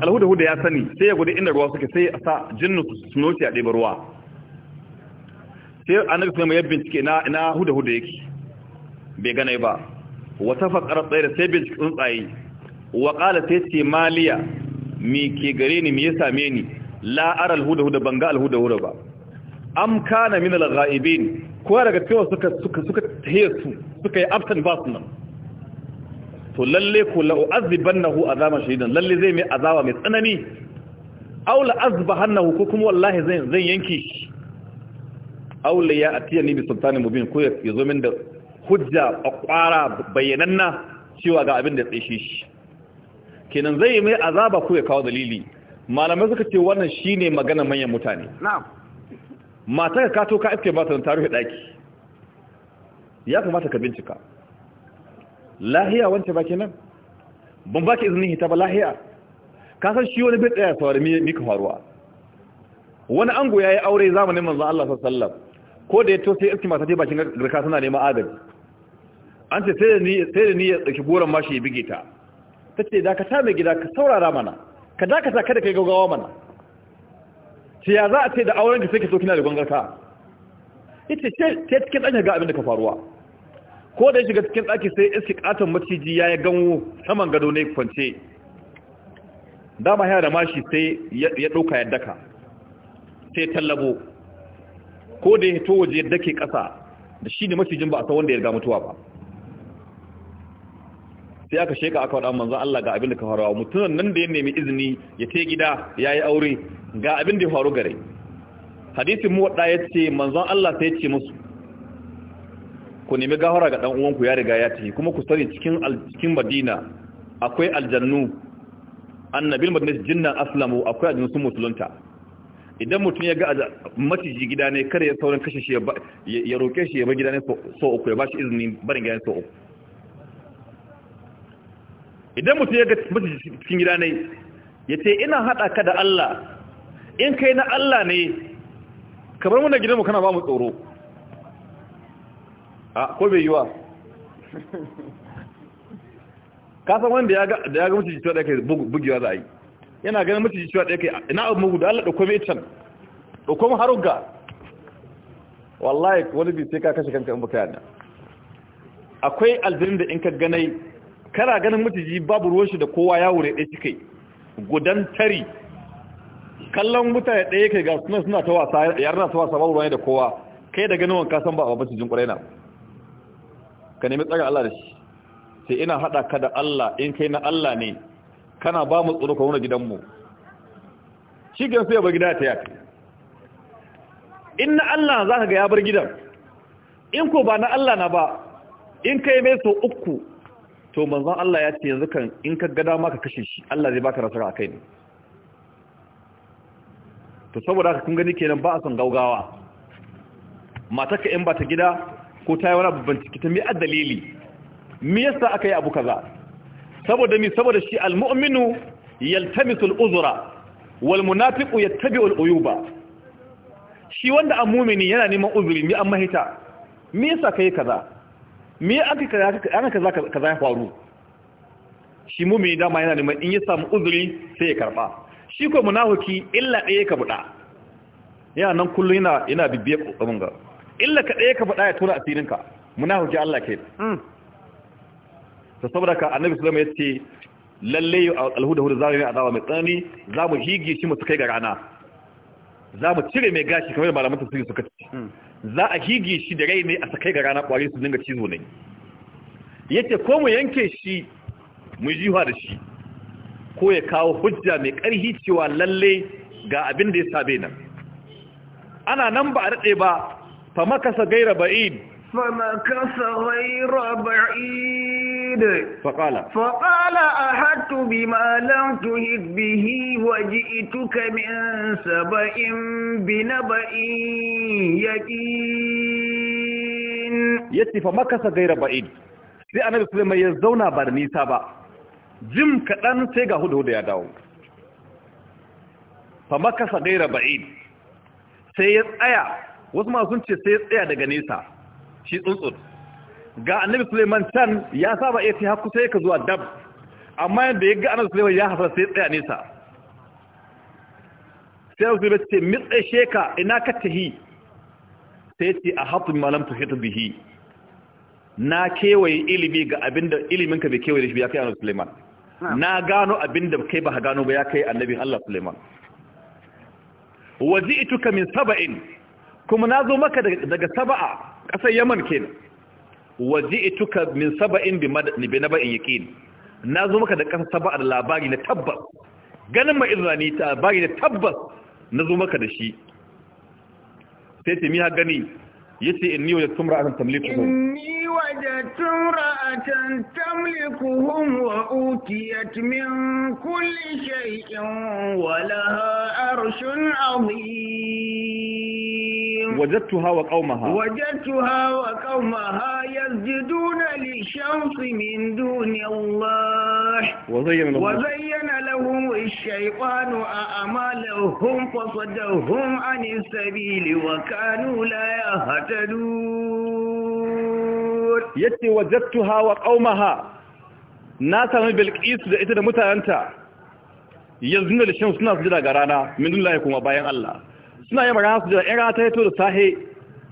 alhuda-huda ya sani sai ya gudu inda ruwa suke sai a sa jinnu su noci a ɗebe ruwa sai annabi sai mai bincike na ina huda huda yake bai gane ba wata fakar tsaye sai bincike tsuntsaye wa qala sai ce maliya mi ke gare ni me ya same ni la ara al huda huda banga al huda huda ba am kana min al ghaibin ko daga cewa suka suka suka tahiye su suka yi absent ba su nan to lalle ko la u'azibannahu azaman shadidan lalle zai mai azaba mai tsanani aw la azbahannahu ko kuma wallahi zan zan yanke shi aula ya a ni nibi sultanin mubin ko ya zo min da hujja a ƙwara bayyananna cewa ga abin da tsaye shi kenan zai yi mai azaba ko ya kawo dalili malamai suka ce wannan shi ne magana manyan mutane mata ka kato ka iske mata ta tarihi daki ya kamata ka bincika lahiya wancan ba kenan ban baki izinin hita ba lahiya ka san shi wani bai tsaya saurari mika faruwa wani ango yi aure zamanin manzan Allah sallallahu ko da ya to sai iskin mata ta bakin garka suna neman agaji an ce sai da ni ya tsaki goron mashi ya bige ta ce da ka sa mai gida ka saurara mana ka dakata kada ka yi gaugawa mana ce ya za a ce da auren ka sai ka so kina da ka ita ce ce cikin ɗanya ga abin da ka faruwa ko da ya shiga cikin ɗaki sai iski katon maciji ya yi ganwo saman gado ne kwance dama yana da mashi sai ya ɗauka ya daka sai tallabo ko da ya towa waje yadda ke ƙasa da shi ne macijin ba a san wanda ya ga mutuwa ba sai aka sheka aka waɗa manzan Allah ga abin da ka faruwa mutunan nan da ya nemi izini ya te gida ya yi aure ga abin da ya faru gare hadisin mu waɗa ya ce manzan Allah sai ya ce musu ku nemi gawara ga ɗan uwanku ya riga ya ce kuma ku sani cikin alcikin Madina akwai aljannu annabil madina jinnan aslamu akwai aljannu musulunta idan mutum ya ga maciji gida ne kada ya saurin kashe shi ya roƙe shi ya bar gida ne so uku ya ba shi izini barin gida ne so uku idan mutum ya ga maciji cikin gida ne ya ce ina haɗa ka da Allah in kai na Allah ne ka bar muna gidanmu kana ba mu tsoro a ko bai yi wa kasan wanda ya ga maciji ta da kai bugewa za a yi yana ganin mutum cewa ɗaya kai ina abu mugu da Allah da mai can Da mu haruga wallahi wani bi sai ka kashe kanka in baka yana akwai aljirin da in ka ganai kana ganin mutum babu ruwan shi da kowa ya wure ɗaya cikai. gudan tari kallon mutane ɗaya kai ga suna suna ta wasa na ta wasa babu ruwan da kowa kai da ganin wanka san ba a babbacin jinkurai na ka nemi tsaga Allah da shi sai ina haɗa ka da Allah in kai na Allah ne kana ba mu tsoro kawo na gidanmu shi gan sai ba gida ta yaki in na Allah za ka ga ya bar gidan in ko ba na Allah na ba in kai mai so uku to manzan Allah ya ce yanzu kan in ka gada ma ka kashe shi Allah zai baka rasara kai ne to saboda haka kun gani kenan ba a son gaugawa matarka in ba ta gida ko ta yi wani abubuwan ciki ta mi'a dalili me yasa aka yi abu kaza saboda mi saboda shi almu'minu yaltamisu al'uzura wal munafiqu yattabi'u al'uyuba shi wanda almu'mini yana neman uzuri mi an mahita me yasa kai kaza me aka kaza kaza kaza ya faru shi mumini dama yana neman in ya samu uzuri sai ya karba shi ko munafiki illa ɗaya ka buɗa yana nan kullum yana yana bibiye abin ga illa ka ɗaya ka buɗa ya tura asirinka munafiki Allah ke mm. ta saboda ka annabi sulaiman ya ce yace lalle alhuda za zamu yi azaba mai tsanani zamu hige shi mu kai ga rana zamu cire mai gashi kamar malaman tafsiri suka ce za a hige shi da rai ne a sakai ga rana kwari su dinga cizo ne yace ko mu yanke shi mu jiwa da shi ko ya kawo hujja mai karhi cewa lalle ga abin da ya sabe nan ana nan ba a daɗe ba fa makasa gaira فمكث غير بعيد فقال فقال أهدت بما لم تهد به وجئتك من سبأ بنبأ يقين يتي فمكث غير بعيد sai annabi sulaiman ya zauna ba da nisa ba jim kaɗan sai ga hudu ya dawo fa makasa gaira ba'id sai ya tsaya wasu masu ce sai ya tsaya daga nesa shi tsuntsun ga annabi Suleiman can ya saba iya ta haku sai ka zuwa dab amma yadda ya ga annabi Suleiman ya hasa sai tsaya nesa sai annabi Suleiman ce mitsa sheka ina ka hi sai ce a hatu malam ta tuhit bihi na kewaye ilimi ga abinda ilimin ka bai kewaye da shi ya kai annabi Suleiman na gano abinda kai ba gano ba ya kai Annabi Allah Suleiman ituka min saba'in kuma na zo maka daga saba'a kasar yaman waje ituka min saba'in bi naba'in ne na zo maka da kasa saba'a da labari na tabbas ganin mai rani ta labari na tabbas na zo maka da shi sai ce mi ha gani yace inni wajen tumra an tamliku inni وجدت امرأة تملكهم وأوتيت من كل شيء ولها أرش عظيم وجدتها وقومها وجدتها وقومها يسجدون للشمس من دون الله وزين لهم, وزين لهم الشيطان أعمالهم فصدهم عن السبيل وكانوا لا يهتدون yace wajadtuha wa qaumaha na sami bilqis da ita da mutayanta yanzu ne shan suna sujada ga rana min dullahi kuma bayan Allah suna yi rana sujada in rana ta hito da sahe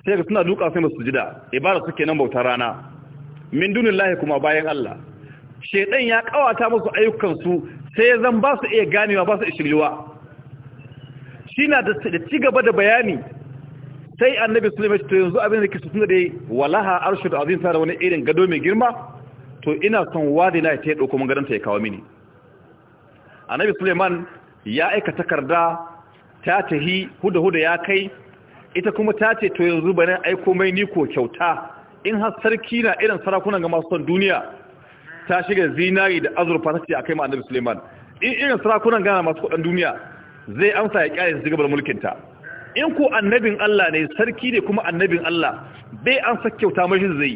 sai ga suna duka sai musu sujada ibada suke nan bautar rana min dullahi kuma bayan Allah shedan ya kawata musu ayyukan su sai zan ba su iya ganewa ba su shiryuwa na da ci gaba da bayani sai annabi sulaiman to yanzu abin da ke su tunda dai walaha arshud azim ta da wani irin gado mai girma to ina son wadi na ta ɗauko mun garanta ya kawo mini annabi sulaiman ya aika takarda ta tahi huda huda ya kai ita kuma ta ce to yanzu bane aiko mai ni ko kyauta in har sarki na irin sarakunan ga masu son duniya ta shiga zinari da azurfa ta ce akai ma annabi sulaiman in irin sarakunan gana masu kudin duniya zai amsa ya kyale su gabar mulkin ta in ku annabin Allah ne sarki ne kuma annabin Allah bai an sakkyauta mashi zai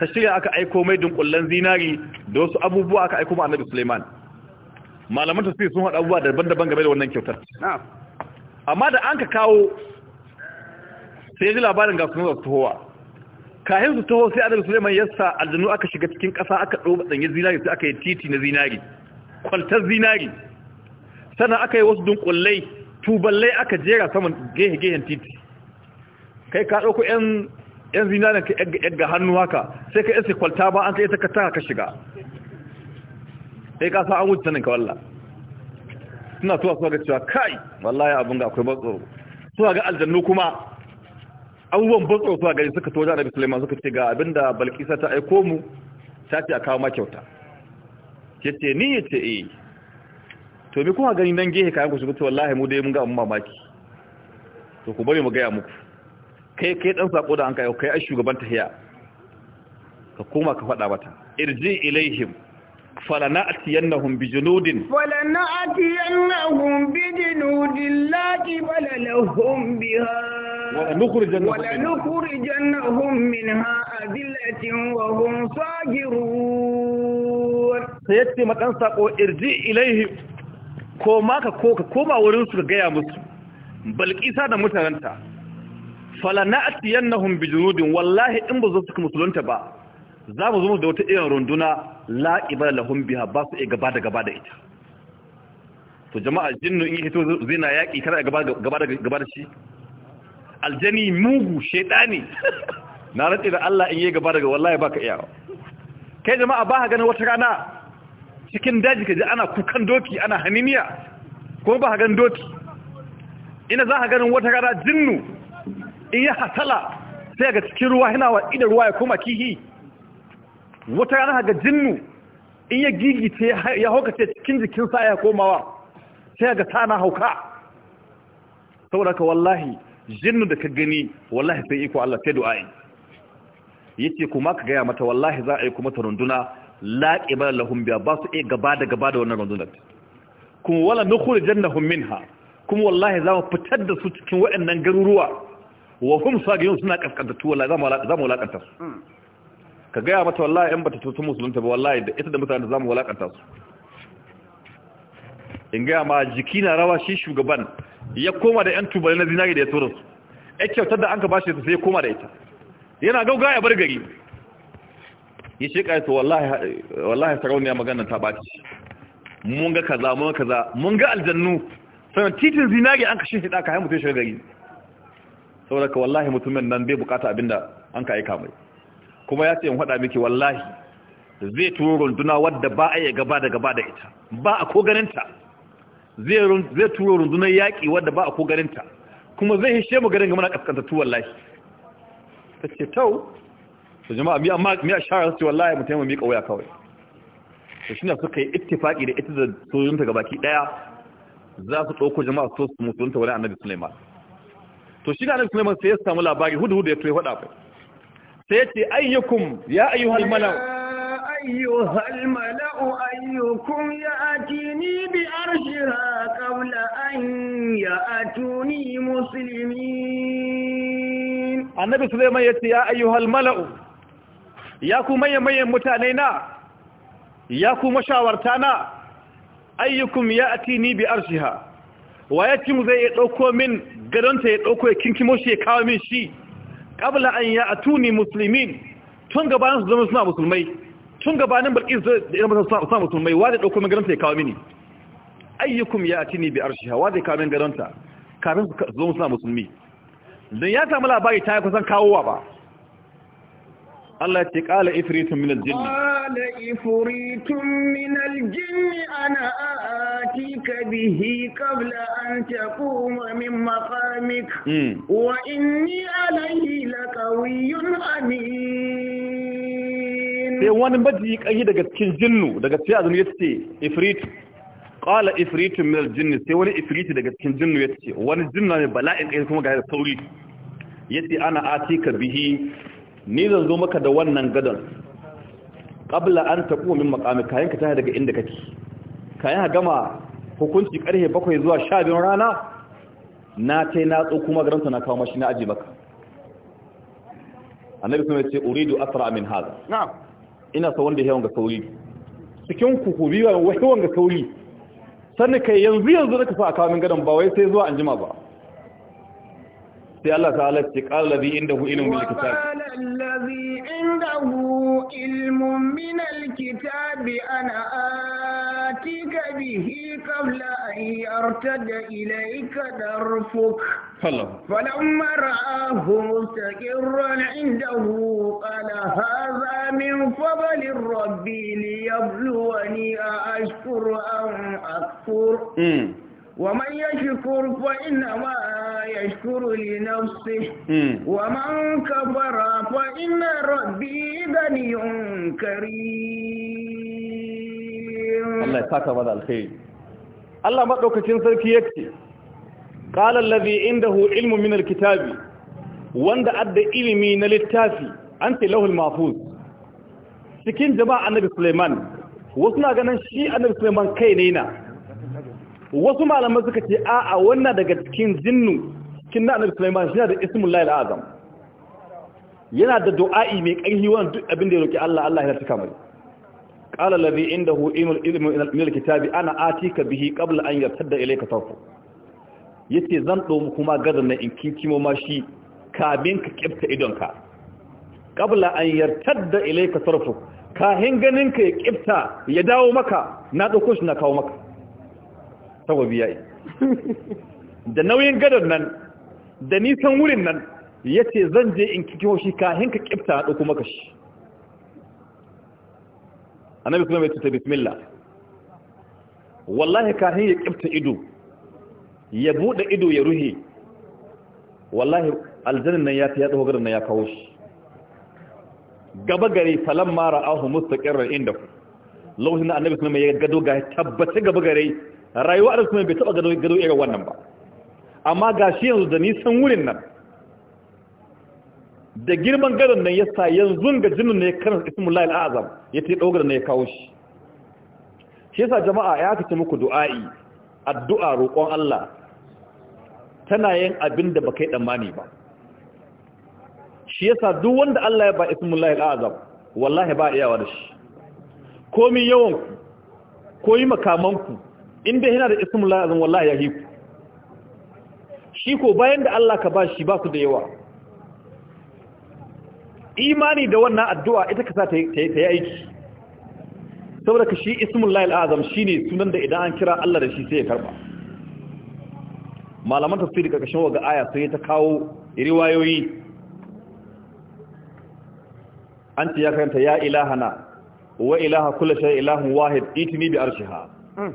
ta shirya aka aiko mai dunkullen zinari da wasu abubuwa aka aiko ma annabi Suleiman malaman tafsir sun haɗa abubuwa daban-daban game da wannan kyautar amma da an ka kawo sai ya ji labarin ga sunan su tohowa kahin su taho sai annabi Suleiman ya sa aljanu aka shiga cikin ƙasa aka ɗoba ɗanyen zinari sai aka yi titi na zinari kwaltar zinari sannan aka yi wasu dunkullai tuballai aka jera saman gehe-gehen titi kai ka ɗauku 'yan zinanin ka ga hannu haka sai ka isa kwalta ba an ka isa ka ka shiga sai ka sa an wuce sanin ka walla suna tuwa suwa ga cewa kai wallaya abin ga akwai batsoro suwa ga aljannu kuma abubuwan batsoro suwa gari suka toja da bisulaiman suka ce ga abinda balkisa ta aiko mu ta ce a kawo ma kyauta ce ni ya ce eh to me kuma gani nan gehe kayan ku shiga to wallahi mu dai mun ga mun mamaki to ku bari mu gaya muku kai kai dan sako da an kai kai ai shugaban tahiya ka koma ka faɗa mata irji ilaihim falana'tiyannahum bijunudin falana'tiyannahum bijunudin balalahum biha wala nukhrijannahum minha adillatin wa hum صاغرون sayati مكان ساقو irji ilaihim ko ma ka ko ka koma wurin su gaya musu balkisa da mutaranta falana'tiyannahum bijunudin wallahi in ba zo suka musulunta ba za mu zo da wata irin runduna la ibala lahum biha ba su gaba da gaba da ita to jama'a jinnu in hito zina yaƙi kada gaba da gaba da shi aljani mugu shedani na rantsi da Allah in yi gaba daga wallahi baka iyawa kai jama'a ba ka ganin wata rana cikin daji ka ji ana kukan doki ana haniniya ko ba hagan doki ina za a ganin wata gada jinnu in ya hasala sai ga cikin ruwa yana wa ruwa ya koma kihi wata gada ga jinnu in ya ce ya ce cikin jikinsa ya komawa sai ga tana hauka saboda ka wallahi jinnu da ka gani wallahi sai iko Allah sai du'a'i yace kuma ka gaya mata wallahi za a yi kuma ta runduna laƙibar lahun biya ba su iya gaba da gaba da wannan rundunar kuma wala min ha kuma wallahi za mu fitar da su cikin waɗannan garuruwa wa kuma su suna kaskantatu suna za mu za mu walakanta su hmm. ka gaya mata wallahi in bata tutu musulunta ba wallahi da ita da mutane za mu walaƙanta su in gaya ma jiki na rawa shi shugaban ya koma da yan tubali na zinari da ya tura su ya kyautar da an ka bashi su sai ya koma da ita yana gauga ya bar gari ya shi ka to wallahi wallahi sarauniya maganar ta ɓaci mun ga kaza mun ga kaza mun ga aljannu sannan titin zinari an kashe hida ka haimu ya shiga gari saboda ka wallahi mutumin nan bai bukata abinda an ka aika mai kuma ya ce in hada miki wallahi zai turo runduna wadda ba a yi gaba da gaba da ita ba a ko ganinta zai turo rundunar yaƙi wadda ba a ko ganinta kuma zai hishe mu garin gama na ƙasƙantattu wallahi ta ce tau to jama'a mi amma mi shara su wallahi mutum mu mi kauya kawai to shine suka yi ittifaki da ita da sojojin ta gabaki daya za su dauko jama'a so su mutunta wani annabi Sulaiman to shi da annabi Sulaiman sai ya samu labari hudu hudu ya tuwe fada fa sai ya ce ayyukum ya ayyuhal mala'u ayyuhal mala'u ayyukum ya'tini bi arshiha qawla an ya'tuni muslimin annabi Sulaiman ya ce ya ayyuhal mala'u ya ku mayan mutane na ya ku mashawarta na ayyukum ya ati ni bi arshiha wa ya mu zai ɗauko min gadonta ya ɗauko ya kinkimo shi ya kawo min shi ƙabla an ya ni musulmin tun gabanin su zama suna musulmai tun gabanin balƙi da irin suna musulmai wa zai ɗauko min gadonta ya kawo mini ayyukum ya ati ni bi arshiha wa zai kawo min gadonta kafin su zama suna musulmi don ya samu labari ta yi kusan kawowa ba Allah ce kala ifritun min aljin kala ifritun min aljin ana atika bihi qabla an taquma min maqamik hmm. wa inni alayhi laqawiyyun amin sai wani maji kai daga cikin jinnu daga cikin azumi yace ifrit kala ifritun min aljin sai wani ifriti daga cikin jinnu yace wani jinna ne bala'in kai kuma ga sauri yace ana atika bihi ni zan zo maka da wannan gadon ƙabla an taqu min maqami kayan ka tashi daga inda kake kayan ha gama hukunci ƙarfe bakwai zuwa sha biyun rana na ta na natsu kuma garanta na kawo mashi na aji maka annabi kuma ce uridu asra min haza ina sa wanda yawan ga sauri cikin ku ku biwa wai wanga sauri sannan kai yanzu yanzu sa fa kawo min gadon ba wai sai zuwa jima ba sai Allah ta halatta qala ladhi indahu ilmun bil kitab qala alladhi indahu ilmun min al kitab ana atika bihi qabla an yartada ilayka darfuk فلما رآه مستقرا عنده قال هذا من فضل ربي ليبلوني أشكر أم أكفر ومن يشكر فإنما يشكر لنفسه ومن كفر فإن ربي غني كريم الله يساك هذا الخير الله مدوكتين سركي يكتي قال الذي عنده علم من الكتاب وند علمي له المحفوظ cikin jama'a annabi Suleiman wasu na ganin shi annabi Suleiman kai ne na wasu malama suka ce a'a wannan daga cikin jinnu cikin na annabi Sulaiman shi da ismul lail azam yana da du'a'i mai ƙarfi wannan duk abin da ya roki Allah Allah ya tuka mai qala allazi indahu ilmul ilmi min alkitabi ana atika bihi qabla an yartada ilayka tawfu yace zan ɗo kuma gadan na in kikimo ma shi kamin ka kifta idonka qabla an yartadda ilayka sarfu kahin ganin ka ya kifta ya dawo maka na ɗauko shi na kawo maka sababi ya yi da nauyin gadon nan da nisan wurin nan ya ce zan je in kiki hoshi kahin ka kipta na ɗauko makashi shi annabi kuma mai tuta bismillah wallahi kahin ya kipta ido ya buɗe ido ya ruhe wallahi aljanin nan ya fi ya tsoho gadon nan ya kawo shi gaba gare ahu ra'ahu ƙirar inda lokacin da annabi kuma mai gado ga tabbata gaba gare rayuwa da kuma bai taba gado irin wannan ba amma ga shi yanzu da nisan wurin nan da girman gadon nan ya sa yanzu ga jinin ne kan ismullahi al'azam ya ta dogar ne ya kawo shi shi yasa jama'a ya kace muku du'a'i addu'a roƙon Allah tana yin abin da baka yi tsammani ba shi yasa duk wanda Allah ya ba ismullahi al'azam wallahi ba iyawa da shi komi yawan ku koyi makamanku in dai yana da ismul lazim wallahi ya hiku shi ko bayan da Allah ka bashi ba su da yawa imani da wannan addu'a ita ka sa ta yi aiki saboda ka shi ismul lahil azam shine sunan da idan an kira Allah da shi sai ya karba malaman tafsiri karkashin waga aya sai ta kawo riwayoyi an ce ya karanta ya ilahana wa ilaha kullu shay ilahun wahid itini bi arshiha hmm.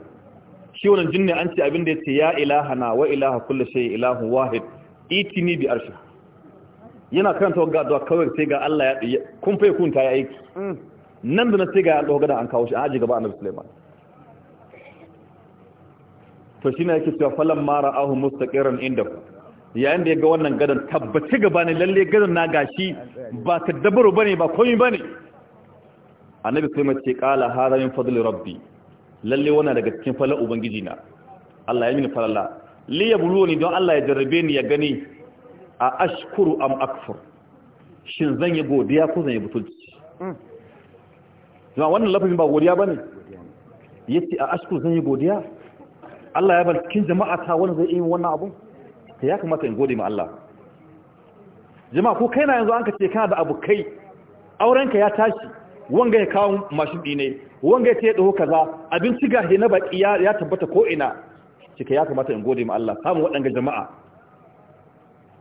shi wannan jinni an ce abin da yace ya ilahana wa ilaha kullu shay ilahu wahid itini bi arsh yana karanta ga addu'a kawai sai ga Allah ya kun fa kun ta yi aiki nan da na sai ga addu'a ga an kawo shi an aji gaba annabi Sulaiman to ne yake cewa falam mara ahu mustaqiran inda yayin da ya ga wannan gadan tabbaci gaba ne lalle gadan na gashi ba tadabburu bane ba komai bane annabi Sulaiman ce qala hadha min fadli rabbi lalle wannan daga cikin falal ubangiji na Allah ya mini falala li yabluwani don Allah ya jarrabe ni ya gani a ashkuru am akfur shin zan yi godiya ko zan yi butulci zama hmm. wannan lafazin ba godiya ba ne yace a ashkuru zan yi godiya Allah ya bar cikin jama'a ta wani zai yi wannan abu ta ya kamata in gode ma Allah jama'a ko kai na yanzu an ka ce kana da abu kai aurenka ya tashi wanga ya kawo mashin ɗine wanga ya ce ɗaho kaza abinci gashi na baƙi ya tabbata ko ina cika ya kamata in gode ma Allah samun waɗanga jama'a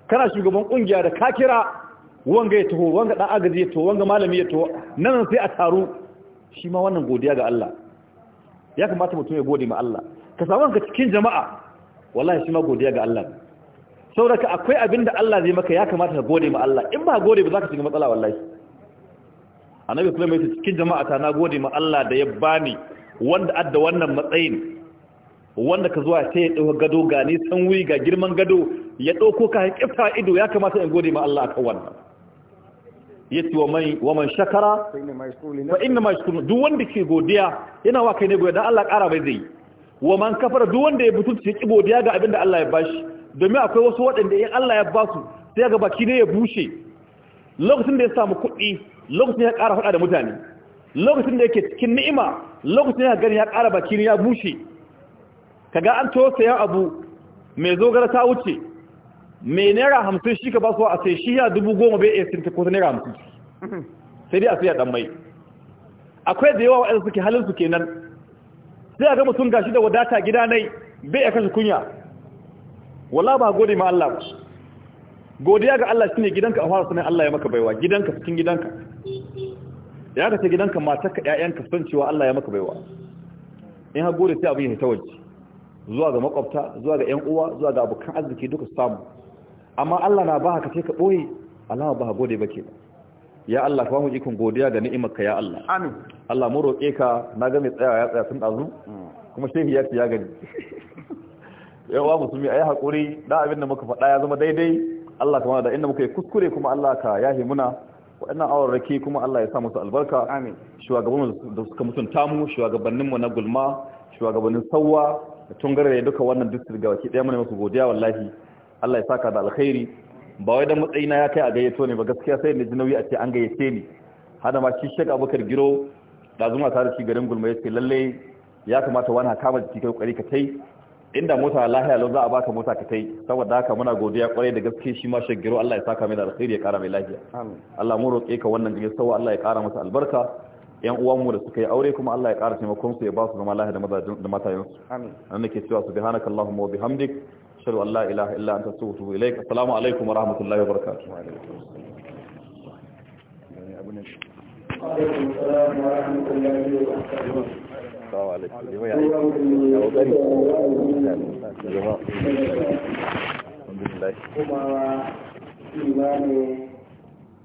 kana shugaban ƙungiya da ka kira wanga ya taho wanga ɗan agaji ya taho wanga malami ya taho nan sai a taru shi ma wannan godiya ga Allah ya kamata mutum ya gode ma Allah ka samu ka cikin jama'a wallahi shi ma godiya ga Allah saboda akwai abin da Allah zai maka ya kamata ka gode ma Allah in ba gode ba za ka shiga matsala wallahi annabi kuma mai cikin jama'a ta nagode ma Allah da ya bani wanda adda wannan matsayin wanda ka zuwa sai ya dauka gado ga ni san wuyi ga girman gado ya dauko ka kifta ido ya kamata in gode ma Allah akan wannan yace wa mai wa man shakara fa inna ma yashkuru duk wanda ke godiya yana wa kai ne godiya dan Allah kara bai zai wa man kafara duk wanda ya butulci ki godiya ga abinda Allah ya bashi domin akwai wasu waɗanda in Allah ya ba su sai ga baki ne ya bushe lokacin da ya samu kuɗi lokacin ya ƙara faɗa da mutane lokacin da yake cikin ni'ima lokacin ya gani ya ƙara baki ya bushe kaga an to sayan abu mai zogara ta wuce mai naira hamsin shi ka ba su a sai shi ya dubu goma bai iya sinta ko naira hamsin sai dai a sai ya ɗan mai akwai da yawa waɗanda suke halin su kenan sai a ga mutum gashi da wadata gida nai bai ya kashe kunya wala ba gode ma Allah godiya ga Allah shine gidanka a fara sunan Allah ya maka baiwa gidanka cikin gidanka da ya kace gidanka matarka ƴaƴanka san cewa Allah ya maka baiwa in ha gode sai abin ya ta waje zuwa ga makwabta zuwa ga ƴan uwa zuwa ga abokan arziki duka samu amma Allah na ba ka sai ka boye Allah ba gode ba ke ba ya Allah ka mu ikon godiya ga ni'imarka ya Allah amin Allah mu roƙe ka na ga mai tsayawa ya tsaya tun dazu kuma shehi ya ya gani wa musulmi ayi hakuri da abin da muka faɗa ya zama daidai Allah kuma da inda muka yi kuskure kuma Allah ka yahi muna waɗannan rake kuma Allah ya sa musu albarka amin shugabannin da suka mutunta mu shugabanninmu na gulma shugabannin sawwa da tungare duka wannan district ga waki daya mana musu godiya wallahi Allah ya saka da alkhairi ba wai dan na ya kai a gayyato ne ba gaskiya sai ni ji nauyi a ce an gayyace ni hada ma shi Sheikh Abubakar Giro da zuma tare shi garin gulma yace lalle ya kamata wani kama jiki kai kokari ka kai inda mota lahiya lau za a baka mota ka kai saboda haka muna godiya kwarai da gaske shi ma shagiro Allah ya saka mai da alkhairi ya kara mai lafiya Allah mu roƙe ka wannan gari sawa Allah ya kara masa albarka yan uwan mu da suka yi aure kuma Allah ya kara taimakon su ya ba su zama lahiya da mazajin da matayen su amin nan nake cewa subhanaka allahumma wa bihamdik ashhadu an la ilaha illa anta astaghfiruka wa ilaik assalamu alaikum wa rahmatullahi wa barakatuh wa alaikum assalam wa rahmatullahi wa barakatuh السلام عليكم جميعا الحمد لله